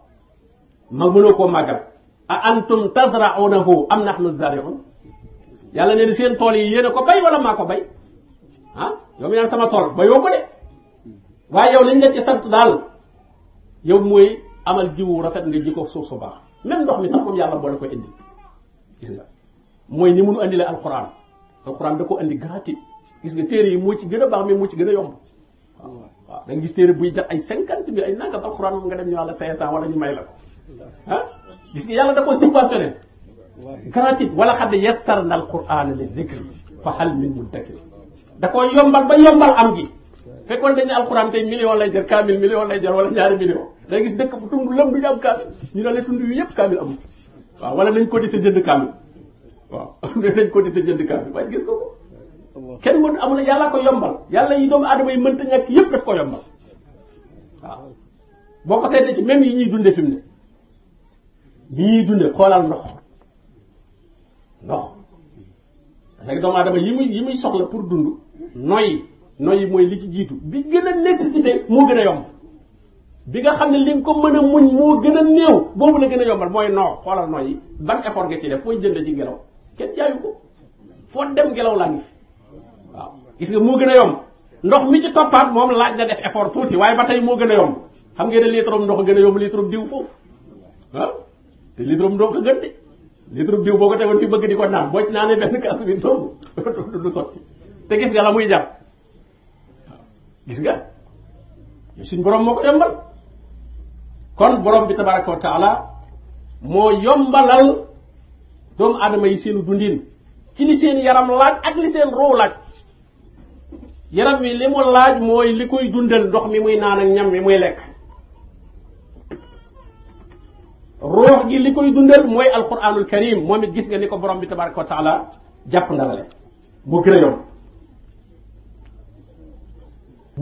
ma mënoo koo màggal a antum tazra'unahu am nahnu zari'un yàlla ne ni seen tool yi yéen ko bay wala maa ko bay ah yow mi naan sama tool bayoo ko de waaye yow nañ la ci sant daal yow mooy amal jiwu rafet nga ji ko suuf su baax même ndox mi sax moom yàlla boole ko indi gis nga mooy ni munu andi la alxuraan alxuraan da ko andi gratuit gis nga téere yi moo ci gën a baax mais moo ci gën a yomb waaw da nga gis téere buy jar ay cinquante mille ay nangam alxuraan moom nga dem ñu wàlla cinq cent wala ñu may la ko ah gis nga yàlla da ko subventionné gratuit wala xad yassarna alxuraan li dikri fa hal min muddakir da ko yombal ba yombal am gi fekkoon dañ ne alxuraan tey million lay jar 4 million lay jar ñaari million day gis dëkk bu tund lëm du ñu am kaamil ñu ne la tund yu yëpp kaamil amul waaw wala nañ ko di sa jënd kaamil waaw nañ ko di sa jënd kaamil waaye gis ko ko kenn mënu amul yàlla ko yombal yàlla yi doomu aadama yi mënta ñàkk yëpp daf ko yombal waaw boo ko seetee ci même yi ñuy dunde fi mu ne yi ñuy dunde xoolal ndox ndox parce que doomu aadama yi muy yi muy soxla pour dund noyyi noyyi mooy li ci jiitu bi gën a nécessité moo gën a yomb bi nga xam ne li nga ko mën a muñ moo gën a néew boobu la gën a yombal mooy noo xoolal noo yi ban effort nga ci def foo jënd ci ngelaw kenn jaayu ko foo dem ngelaw laa ngi fi waaw moo gën a yomb mu mi ci toppaat moom laaj na def effort tuuti waaye ba moo gën a xam ngeen ne litre ndox gën a yomb litre diw foofu ah te litre ndox a gën de litre diw boo ko tegoon fi bëgg di ko naan boo ci naanee benn kaas bi toog du te gis nga la muy jàpp waaw gis nga suñ borom moo ko yombal kon borom bi tabaraka wa taala moo yombalal doomu aadama yi seenu dundin ci li seen yaram laaj ak li seen ruu laaj yaram wi li mu laaj mooy li koy dundal ndox mi muy naan ak ñam mi muy lekk ruux gi li koy dundal mooy alquranul karim moom it gis nga ni ko borom bi tabaraka wa taala jàpp ndalale mu gën a yomb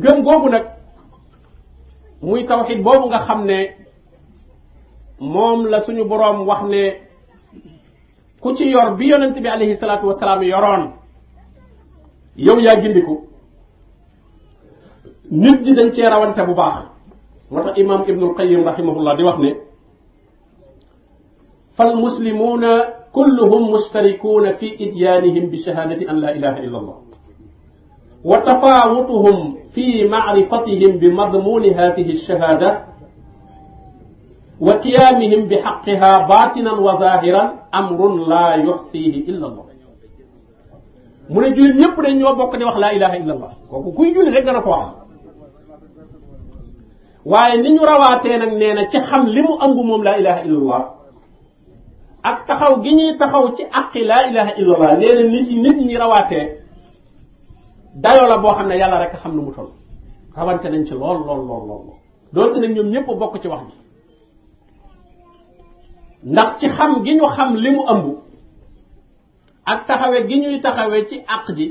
ngëm googu nag muy tawxid boobu nga xam ne moom la suñu boroom wax ne ku ci yor bi yonent bi alayhi salaatu wasalaam yoroon yow yaa gindiku nit ñi dañ cee rawante bu baax moo tax imaam ibnul qayim rahimahullah di wax ne fal muslimuuna kulluhum mustarikuuna fi idyaanihim bi shahaadati an la ilaha illa allah wa tafaawutuhum fi macrifatihim bi madmuuni hadihi alshahaada wa qiyaamihim bi xaqiha baatinan wa zahiran amrun laa yuxsiihi illa allah mu ne jullit ñëpp dañ ñoo bokk di wax laa ilaha illa allah kooku kuy jullit rek dana ko wax waaye ni ñu rawaatee nag nee na ci xam li mu ëmb moom laa ilaha illa ak taxaw gi ñuy taxaw ci aqi laa ilaha illa allah nee na nit ñi rawaatee dayoo la boo xam ne yàlla rek xam na mu toll rawante nañ ci lool lool lool lool doonte nag ñoom ñëpp bokk ci wax ji ndax ci xam gi ñu xam li mu ëmb ak taxawe gi ñuy taxawe ci àq ji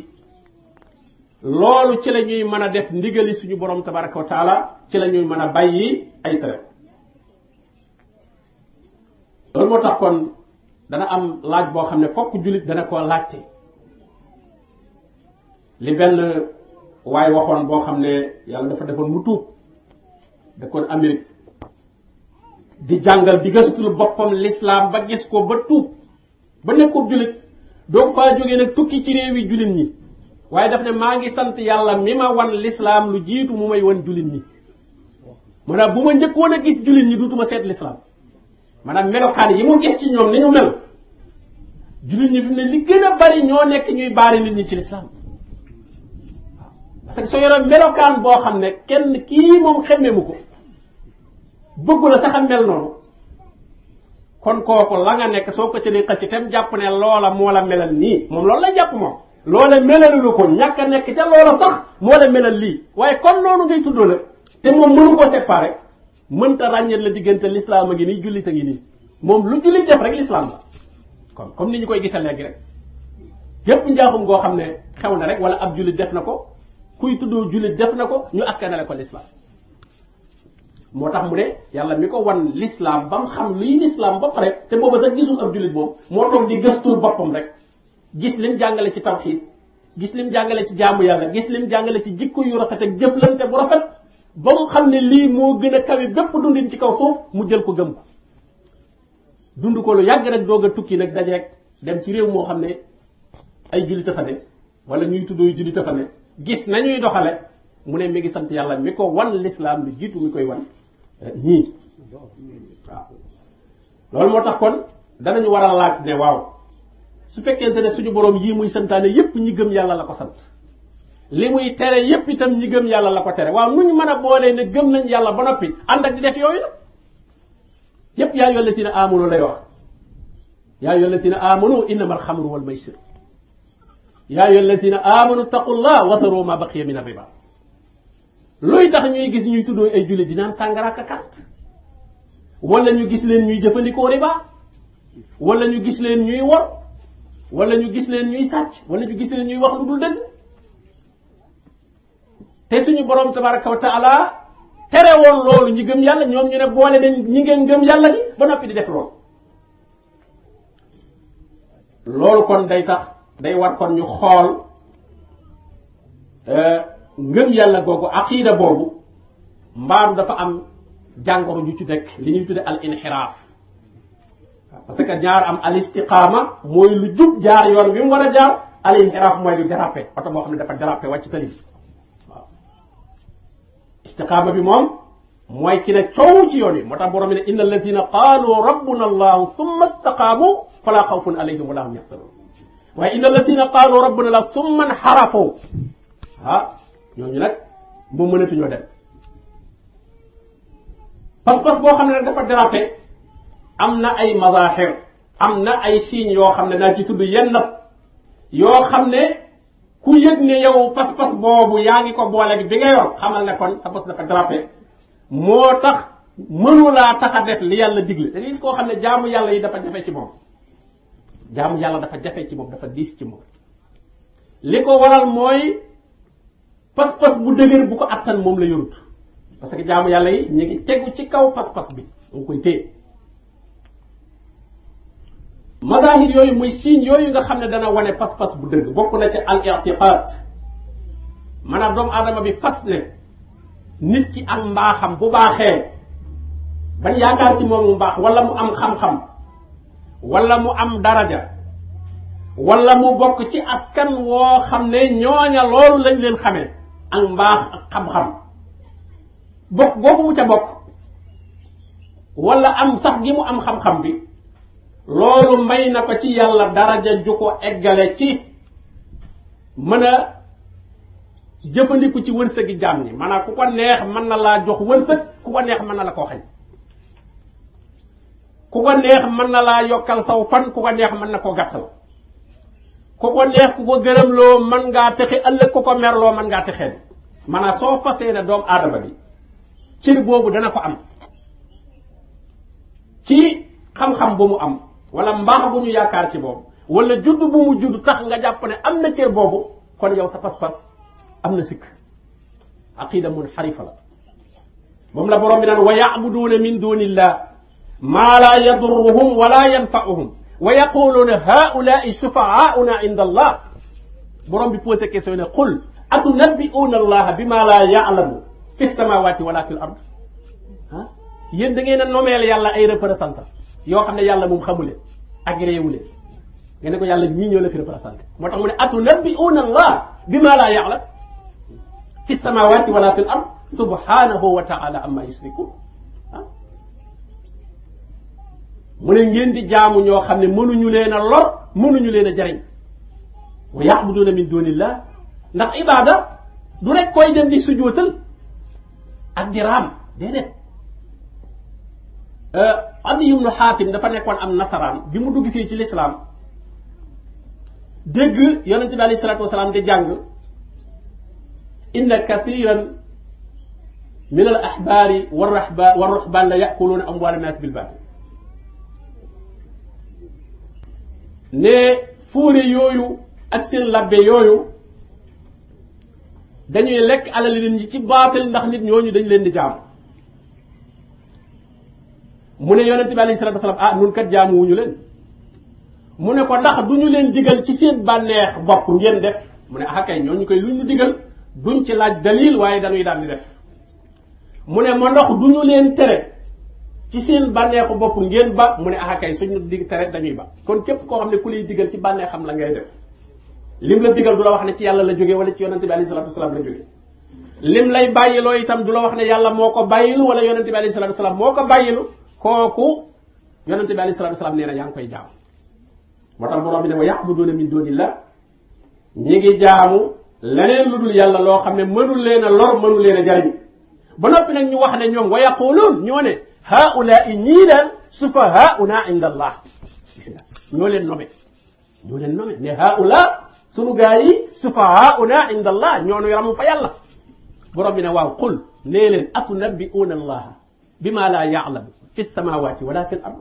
loolu ci lañuy ñuy mën a def ndigali suñu borom tabaraka wa ci la ñuy mën a bàyyi ay tere loolu moo tax kon dana am laaj boo xam ne fokk jullit dana ko laajte li benn waaye waxoon boo xam ne yàlla dafa defoon mu tuub kon Amérique di jàngal di gëstul boppam lislaam ba gis ko ba tuub ba nekkul jullit doog faa jóge nag tukki ci réewi jullit ñi waaye daf ne maa ngi sant yàlla mi ma wan lislaam lu jiitu mu may wan jullit ñi maanaam bu ma njëkkoon a gis jullit ñi duutuma seet lislaam maanaam melokaan yi mu gis ci ñoom ni ñu mel jullit ñi fi mu ne li gën a bari ñoo nekk ñuy baari nit ñi ci lislaam parce que soo yore melokaan boo xam ne kenn kii moom xemmemu ko bëggu la saxal mel noonu kon kooku la nga nekk soo ko ci di xëcc tam jàpp ne loola moo la melal nii moom loolu la jàpp moom loola melalu ko ñàkk a nekk ca loola sax moo la melal lii waaye kon noonu ngay tuddoo te moom mënu koo séparé mënta ràññeet la diggante l'islam a ngi nii jullit a ngi nii moom lu jullit def rek l'islam la kon comme ni ñu koy gisal léegi rek yépp njaaxum goo xam ne xew na rek wala ab jullit def na ko kuy tuddoo jullit def na ko ñu askanale ko l'islam moo tax mu ne yàlla mi ko wan l'islam ba mu xam luy l'islam ba pare te booba da gisul ab jullit boobu moo toog di gëstul boppam rek gis lim jàngale ci tawxiid gis lim jàngale ci jaamu yàlla gis lim jàngale ci jikko yu rafet ak jëflante bu rafet ba mu xam ne lii moo gën a kawe bépp dundin ci kaw suuf mu jël ko gëm ko dund ko lu yàgg rek doog a tukki nag daje dem ci réew moo xam ne ay jullit a fa ne wala ñuy tuddoo yu jullit a fa gis nañuy mu ne mi ngi sant yàlla mi ko wan l'islam lu jiitu mi koy wan eh, ñii loolu moo tax kon danañu war a laaj ne waaw su fekkente ne suñu borom yii muy santaane yépp ñi gëm yàlla la ko sant li muy tere yépp itam ñi gëm yàlla la ko tere waaw ñu mën a boolee ne gëm nañ yàlla ba noppi ànd ak di def yooyu yépp yaa yolla si na amanu lay wax yaa yolla si na amanu innama alxamru wal maysir yaa yolla si na amanu taqullah wasaru ma baqiya min arriba looy tax ñuy gis ñuy tuddoo ay jullit di naan sàngara ak kast ñu gis leen ñuy jëfandikoo riba wala ñu gis leen ñuy wor wala ñu gis leen ñuy sàcc wala ñu gis leen ñuy wax lu dul dëgg te suñu borom tabaraka wa taala tere woon loolu ñi gëm yàlla ñoom ñu ne boole dañ ñi ngeen gëm yàlla ni ba noppi di def loolu loolu kon day tax day war kon ñu xool euh, ngëm yàlla googu aqida boobu mbaaru dafa am jàngoro ju ci nekk li ñuy tudde al inxiraaf parce que ñaar am al istiqaama mooy lu jub jaar yoon bi mu war a jaar al inxiraaf mooy lu dérapé oto boo xam dafa dérapé wàcc tali bi waaw bi moom mooy ki ne coow ci yoon wi moo tax borom bi ne inna alladina qaalu rabbuna allahu summa istaqaamu falaa xawfun alayhim wala hum yaxsanun waaye inna alladina qaalu rabbuna allah summa inxarafu ah, ñooñu nag moom mënatuñoo dem pas-pas boo xam ne nag dafa dérapé am na ay mazahir am na ay signes yoo xam ne naa ci tudd yenn yoo xam ne ku yëg ne yow pas-pas boobu yaa ngi ko booleeg bi bi nga yor xamal ne kon sa pas dafa dérapé moo tax mënulaa tax a def li yàlla digle da ngay gis koo xam ne jaamu yàlla yi dafa jafe ci moom jaamu yàlla dafa jafe ci moom dafa diis ci moom li ko waral mooy pas-pas bu dëgër bu ko attan moom la yorut parce que jaamu yàlla yi ñu ngi tegu ci kaw pas-pas bi da koy téye mazahir yooyu muy signe yooyu nga xam ne dana wane pas-pas bu dëgg bokk na ci al i'tiqad maanaam doomu aadama bi fas ne nit ki am mbaaxam bu baaxee bañ yaakaar ci moom mu baax wala mu am xam-xam wala mu am daraja wala mu bokk ci askan woo xam ne ñooña loolu lañ leen xamee ak mbaax ak xam-xam bokk googu mu ca bokk wala am sax gi mu am xam-xam bi loolu may na ko ci yàlla daraja ju ko eggale ci mën a jëfandiku ci wërsëgi jaam ñi maanaam ku ko neex mën na laa jox wërsëg ku ko neex mën na la ko xañ ku mën na laa yokkal saw fan ku ko neex mën na koo gàttal ku ko neex ku ko gërëmloo mën ngaa texe ëllëg ku ko merloo mën ngaa texee ne maanaam soo fasee ne doomu aadama bi cër boobu dana ko am ci xam-xam bu mu am wala mbaax bu ñu yaakaar ci boobu wala judd bu mu judd tax nga jàpp ne am na cër boobu kon yow sa pas-pas am na sikk aqida mun xarifa la moom la borom bi naan wa yaabuduuna min dunillah maa laa yadurruhum wala yanfa'uhum wa yaquluuna haulaai shufaaauna inda allah borom bi posé question ne qul atunabbi'uuna allaha bima laa ya'lamu fi samawati wala fi l ard ah yéen da ngeen a nomeel yàlla ay représentant yoo xam ne yàlla moom xamuleen agréé wu leen nga ne ko yàlla ñii ñoo la fi représenté moo tax mu ne atunabbi'uuna allah bima laa ya'lam fi samawati wala fi l ard subhanahu wa ta'ala amma yushrikun mu ne ngeen di jaamu ñoo xam ne mënuñu leen a lor mënuñu leen a jariñ wa ya'buduna min dunillah ndax ibaada du rek koy dem di sujootal ak di raam déedéet euh, Adi ibnu Xaatim dafa nekkoon am nasaraan bi mu dugg fii ci lislaam dégg yonent bi alayhi salaatu wasalaam di jàng inna kasiran min al ahbaari wa rahbaan la ya'kuluuna amwaala naas bil baatil ne fóore yooyu ak seen labbe yooyu dañuy lekk alali nit ñi ci baatal ndax nit ñooñu dañ leen di jaam mu ne yonente bi alayhi salatu wasalaam ah nun kat jaamu wuñu leen mu ne ko ndax duñu leen digal ci seen bànneex bopp ngeen def mu ne ah kay ñooñu koy luñ ñu digal duñ ci laaj dalil waaye dañuy daal di def mu ne ma ndox duñu leen tere ci seen bànneexu bopp ngeen ba mu ne ah kay suñu dig tere dañuy ba kon képp koo xam ne ku lay digal ci bànneexam la ngay def lim la digal du la wax ne ci yàlla la jóge wala ci yonente bi alayhi salatu wasalaam la jógee lim lay bàyyiloo itam du la wax ne yàlla moo ko bàyyilu wala yonente bi alayhi salatu wasalaam moo ko bàyyilu kooku yonente bi alayhi salatu wasalaam nee na yaa ngi koy jaamu moo tax borom bi ne wa ya'buduna min la ñi ngi jaamu leneen lu dul yàlla loo xam ne mënul leen a lor mënul leen a jariñ ba noppi nag ñu wax ne ñoom wa yaquluun ñoo ne haulaa i ñii daal sufahauna inda allah ñoo leen nome ñoo leen nome ne haula sunu gaa yi sufahauna inda allah ñoonu yaram fa yàlla borom bi na waaw qul nee leen atunabbi'uuna allaha bima laa ya'lamu fi samawati wala fi l ard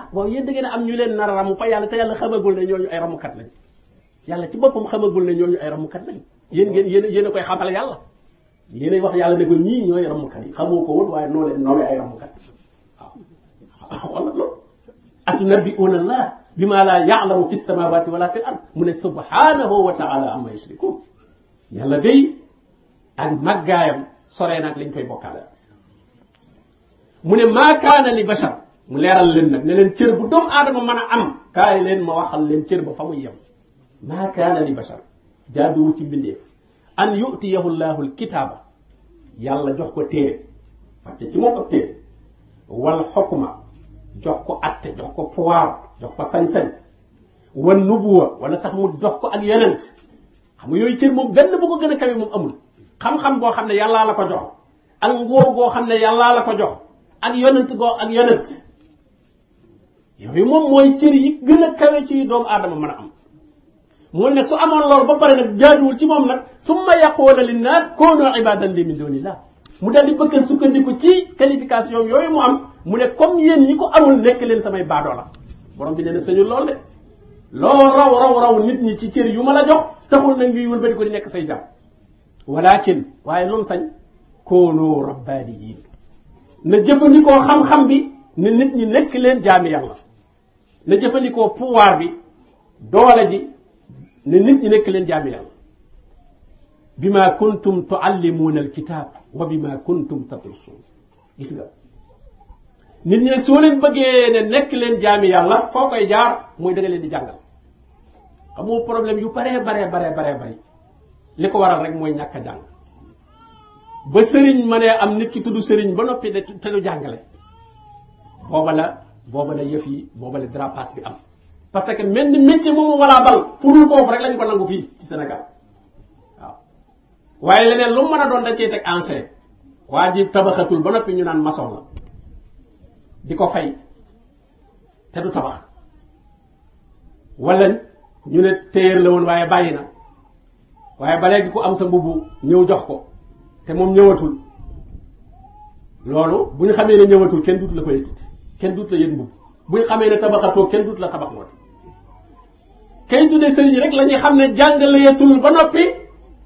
ah waaw yéen da ngeen am ñu leen nar a ramu fa yàlla te yàlla xamagul ne ñooñu ay ramukat lañ yàlla ci boppam xamagul ne ñooñu ay ramukat lañ yéen ngeen yéen yéen a koy xamal yàlla lii lay wax yàlla ne ko ñii ñooy ramukat yi xamoo ko woon noo leen noo leen ay ramukat waaw wala bima la ya'lamu fi samawati wala fil ard mu ne subhanahu wa ta'ala amma yushrikun yàlla day ak màggaayam nag lañ koy bokkaale mu ne maa kaana li bashar mu leeral leen ne len cër bu doomu aadama am kaay leen ma waxal leen cër fa muy yem maa kaana li bashar jaaduwu ci mbindeef an yu'tiyahu llahu alkitaaba yàlla jox ko téere fàtte ci moom ab téere wal xukma jox ko atte jox ko pouvoir jox ko sañ-sañ wan nubuwa wala sax mu jox ko ak yonent xam nga yooyu cër moom benn bu ko kawe moom amul xam-xam boo xam ne yàllaa la ko jox ak ngóor goo xam ne yàllaa la ko jox ak yonent goo ak yonent yooyu moom mooy cër yi gën kawe ci doomu aadama mën am mooy ne su amoon loolu ba pare nag jaaduwul ci moom nag summa yaquuna linnaas koonu ibadan li min dunillah mu daal di bëgg sukkandiku ci qualification yooyu mu am mu ne comme yéen ñi ko amul nekk leen samay baadoo la borom bi nee na sañul lool de loo raw raw raw nit ñi ci cër yu ma la jox taxul na ngi wëlbati ko di nekk say jàmm walakin waaye loolu sañ koonoo rabbaaniyiin na jëfandikoo xam-xam bi ne nit ñi nekk leen jaami yàlla na jëfandikoo pouvoir bi doole ne nit ñi nekk leen jaami yàlla bima kuntum tuallimuuna alkitab wa bima kuntum tadrusuun gis nga nit ñi soo leen bëggee ne nekk leen jaami yàlla foo koy jaar mooy da leen di jàngal xamoo problème yu baree baree baree baree bari li ko waral rek mooy ñàkk jàng ba sëriñ ma ne am nit ki tudd sëriñ ba noppi de te du jàngale booba la booba la yëf yi booba la dérapage bi am parce que mel ni métier moomu walaa bal fu dul foofu rek lañu ko nangu fii ci Sénégal waaw waaye leneen lu man a doon dañ cee teg ancien waa ji tabaxatul ba noppi ñu naan maçon la di ko fay te du tabax wala ñu ne téer la woon waaye bàyyi na waaye ba léegi ku am sa mbubb ñëw jox ko te moom ñëwatul loolu bu ñu xamee ne ñëwatul kenn duut la ko yëkkati kenn duut la yëg mbubb bu ñu xamee ne tabaxatoo kenn duut la tabax woon kay tuddee sëriñ rek la ñuy xam ne jàngaleetul ba noppi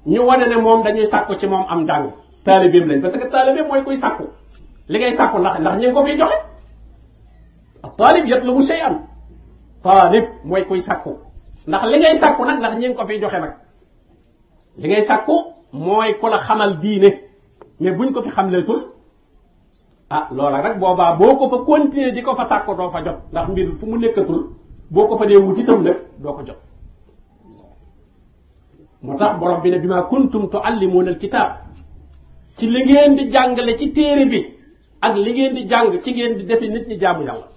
ñu wane ne moom dañuy sàkku ci moom am jàng taalibeem lañ parce que taalibeem mooy kuy sàkku li ngay sàkku ndax ko ñu ngi ko fiy joxe taalib yatlubu shay'an taalib mooy kuy sàkku ndax li ngay sàkku nag ndax ñu ko fiy joxe nag li ngay sàkku mooy ku la xamal diine mais buñ ko fi xam lee xamleetul ah loola rek boobaa boo ko fa continuer di ko fa sàkku doo fa jot ndax mbir fu mu nekkatul boo ko fa dee wut itam nag doo ko jot moo tax borom bi ne bi ma kuntum tuallimuuna alkitaab ci li ngeen di jàngale ci téere bi ak li ngeen di jàng ci ngeen di defi nit ñi jaamu yàlla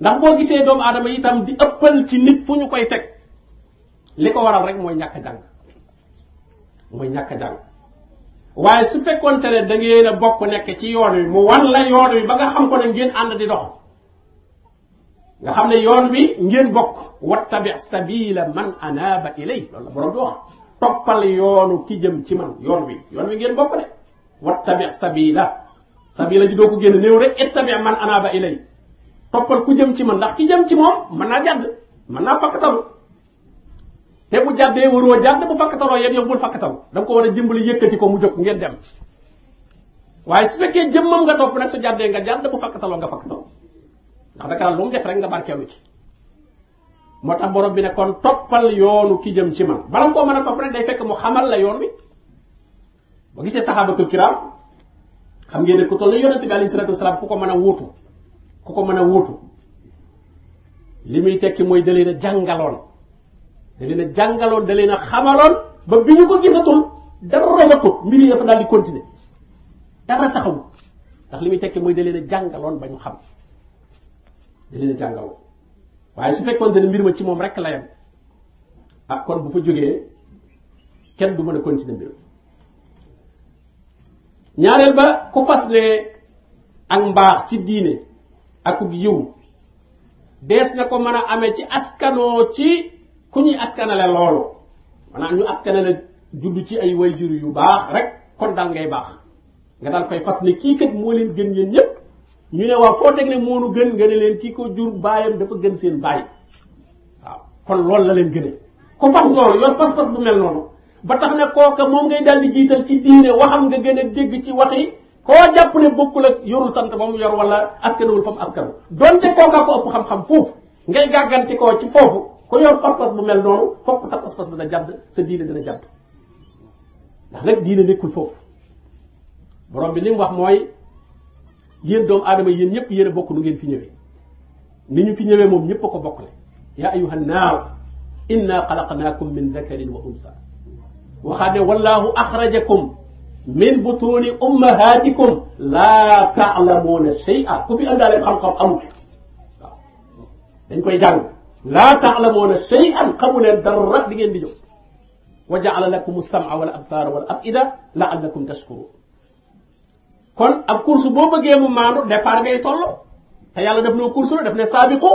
ndax boo gisee doomu aadama itam di ëppal ci nit fu ñu koy teg li ko waral rek mooy ñàkk a jàng mooy ñàkk a jàng waaye su fekkoonte ne da ngeen a bokk nekk ci yoon wi mu wan la yoon wi ba nga xam ko ne ngeen ànd di dox nga xam ne yoon wi ngeen bokk wattabi sabila man anaaba ilay loolu la borom bi wax toppal yoonu ki jëm ci man yoon wi yoon wi ngeen bokk de wattabi sabila sabila ji doo ko génn néew rek ittabi man anaaba ilay toppal ku jëm ci man ndax ki jëm ci moom mën naa jàdd mën naa fakkatalu te bu jàddee waroo jàdd bu fakkataloo yéen yow bul fakkatalu da nga ko war a dimbali yëkkati ko mu jóg ngeen dem waaye su fekkee jëmmam nga topp nak su jàddee nga jàdd bu fakkataloo nga fakkataloo ndax dakaa lu mu def rek nga barkeelu ci moo tax borom bi nekkoon toppal yoonu ki jëm ci man bala koo mën a topp rek day fekk mu xamal la yoon bi ba gisee saxaabatul kiram xam ngeen ne ku toll yonente bi alayhi salatu wasalaam ku ko mën a wuutu ku ko mën a wuutu li muy tekki mooy da leen a jàngaloon da leen a jàngaloon da leen a xamaloon ba bi ñu ko gisatul dara robatut mbir yi dafa daal di continuer dara taxawu ndax li muy tekki mooy da leen a jàngaloon ba ñu xam di leen waaye su fekkoon ne mbir ma ci moom rek la yem ah kon bu fa jógee kenn du mën a continuer mbir ñaareel ba ku fas ne ak mbaax ci diine ak yiw dees na ko mën a amee ci askanoo ci ku ñuy askanale loolu maanaam ñu askanale juddu ci ay way wayjur yu baax rek kon daal ngay baax nga daal koy fas ne kii kat moo leen gën yéen ñëpp ñu ne waaw foo teg ne moonu gën nga ne leen kii ko jur baayam dafa gën seen baay waaw kon loolu la leen gënee ku fas loolu yor fas-fas bu mel noonu ba tax ne kooka moom ngay daal di jiital ci diine waxam nga gën a dégg ci wax yi koo jàpp ne bokkul la yorul sant ba mu yor wala askanawul fa mu askanu donte kooka ko ëpp xam-xam foofu ngay gàggante ci foofu ku yor fas-fas bu mel noonu fokk sa fas-fas dana jàdd sa diine dana jàdd ndax nag diine nekkul foofu wax mooy yéen doomu aadama yéen ñëpp yéen a bokk nu ngeen fi ñëwee ni ñu fi ñëwee moom ñëpp a ko bokkle yaa ayuha nnaas inna xalaqnaakum min dakarin wa unsa waxaat ne wallahu axrajakum min butuuni ummahatikum laa taalamuuna shay'a ku fi andaale xam-xam amu fi waaw dañ koy jàng laa taalamuuna shay'an xamu leen dara di ngeen di jóg wa jaala lakum as-sam'a wal absaara wal af'ida la'allakum tashkuruun kon ab course boo bëggee mu maandu départ ngay tolloo te yàlla def noo course la def ne saabiqu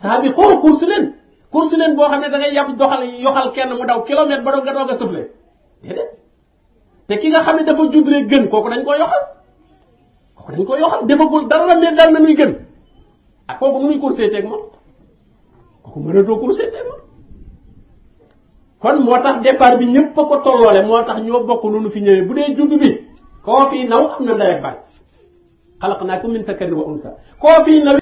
saabiqu course leen course leen boo xam ne da ngay yàpp doxal yoxal kenn mu daw kilomètre ba doog nga doog a soufflé déedéet te ki nga xam ne dafa judd rek gën kooku dañ ko yoxal kooku ko yoxal defagul dara la mais dal na muy gën ak ah, kooku nu muy coursé teeg moom kooku mënatoo coursé teeg moom kon moo tax départ bi ñëpp a ko tolloole moo tax ñoo bokk nu nu fi ñëwee bu dee judd koo fii naw am na ndey ak baay xalaq naa ko min sakarin wa unsa koo fii naw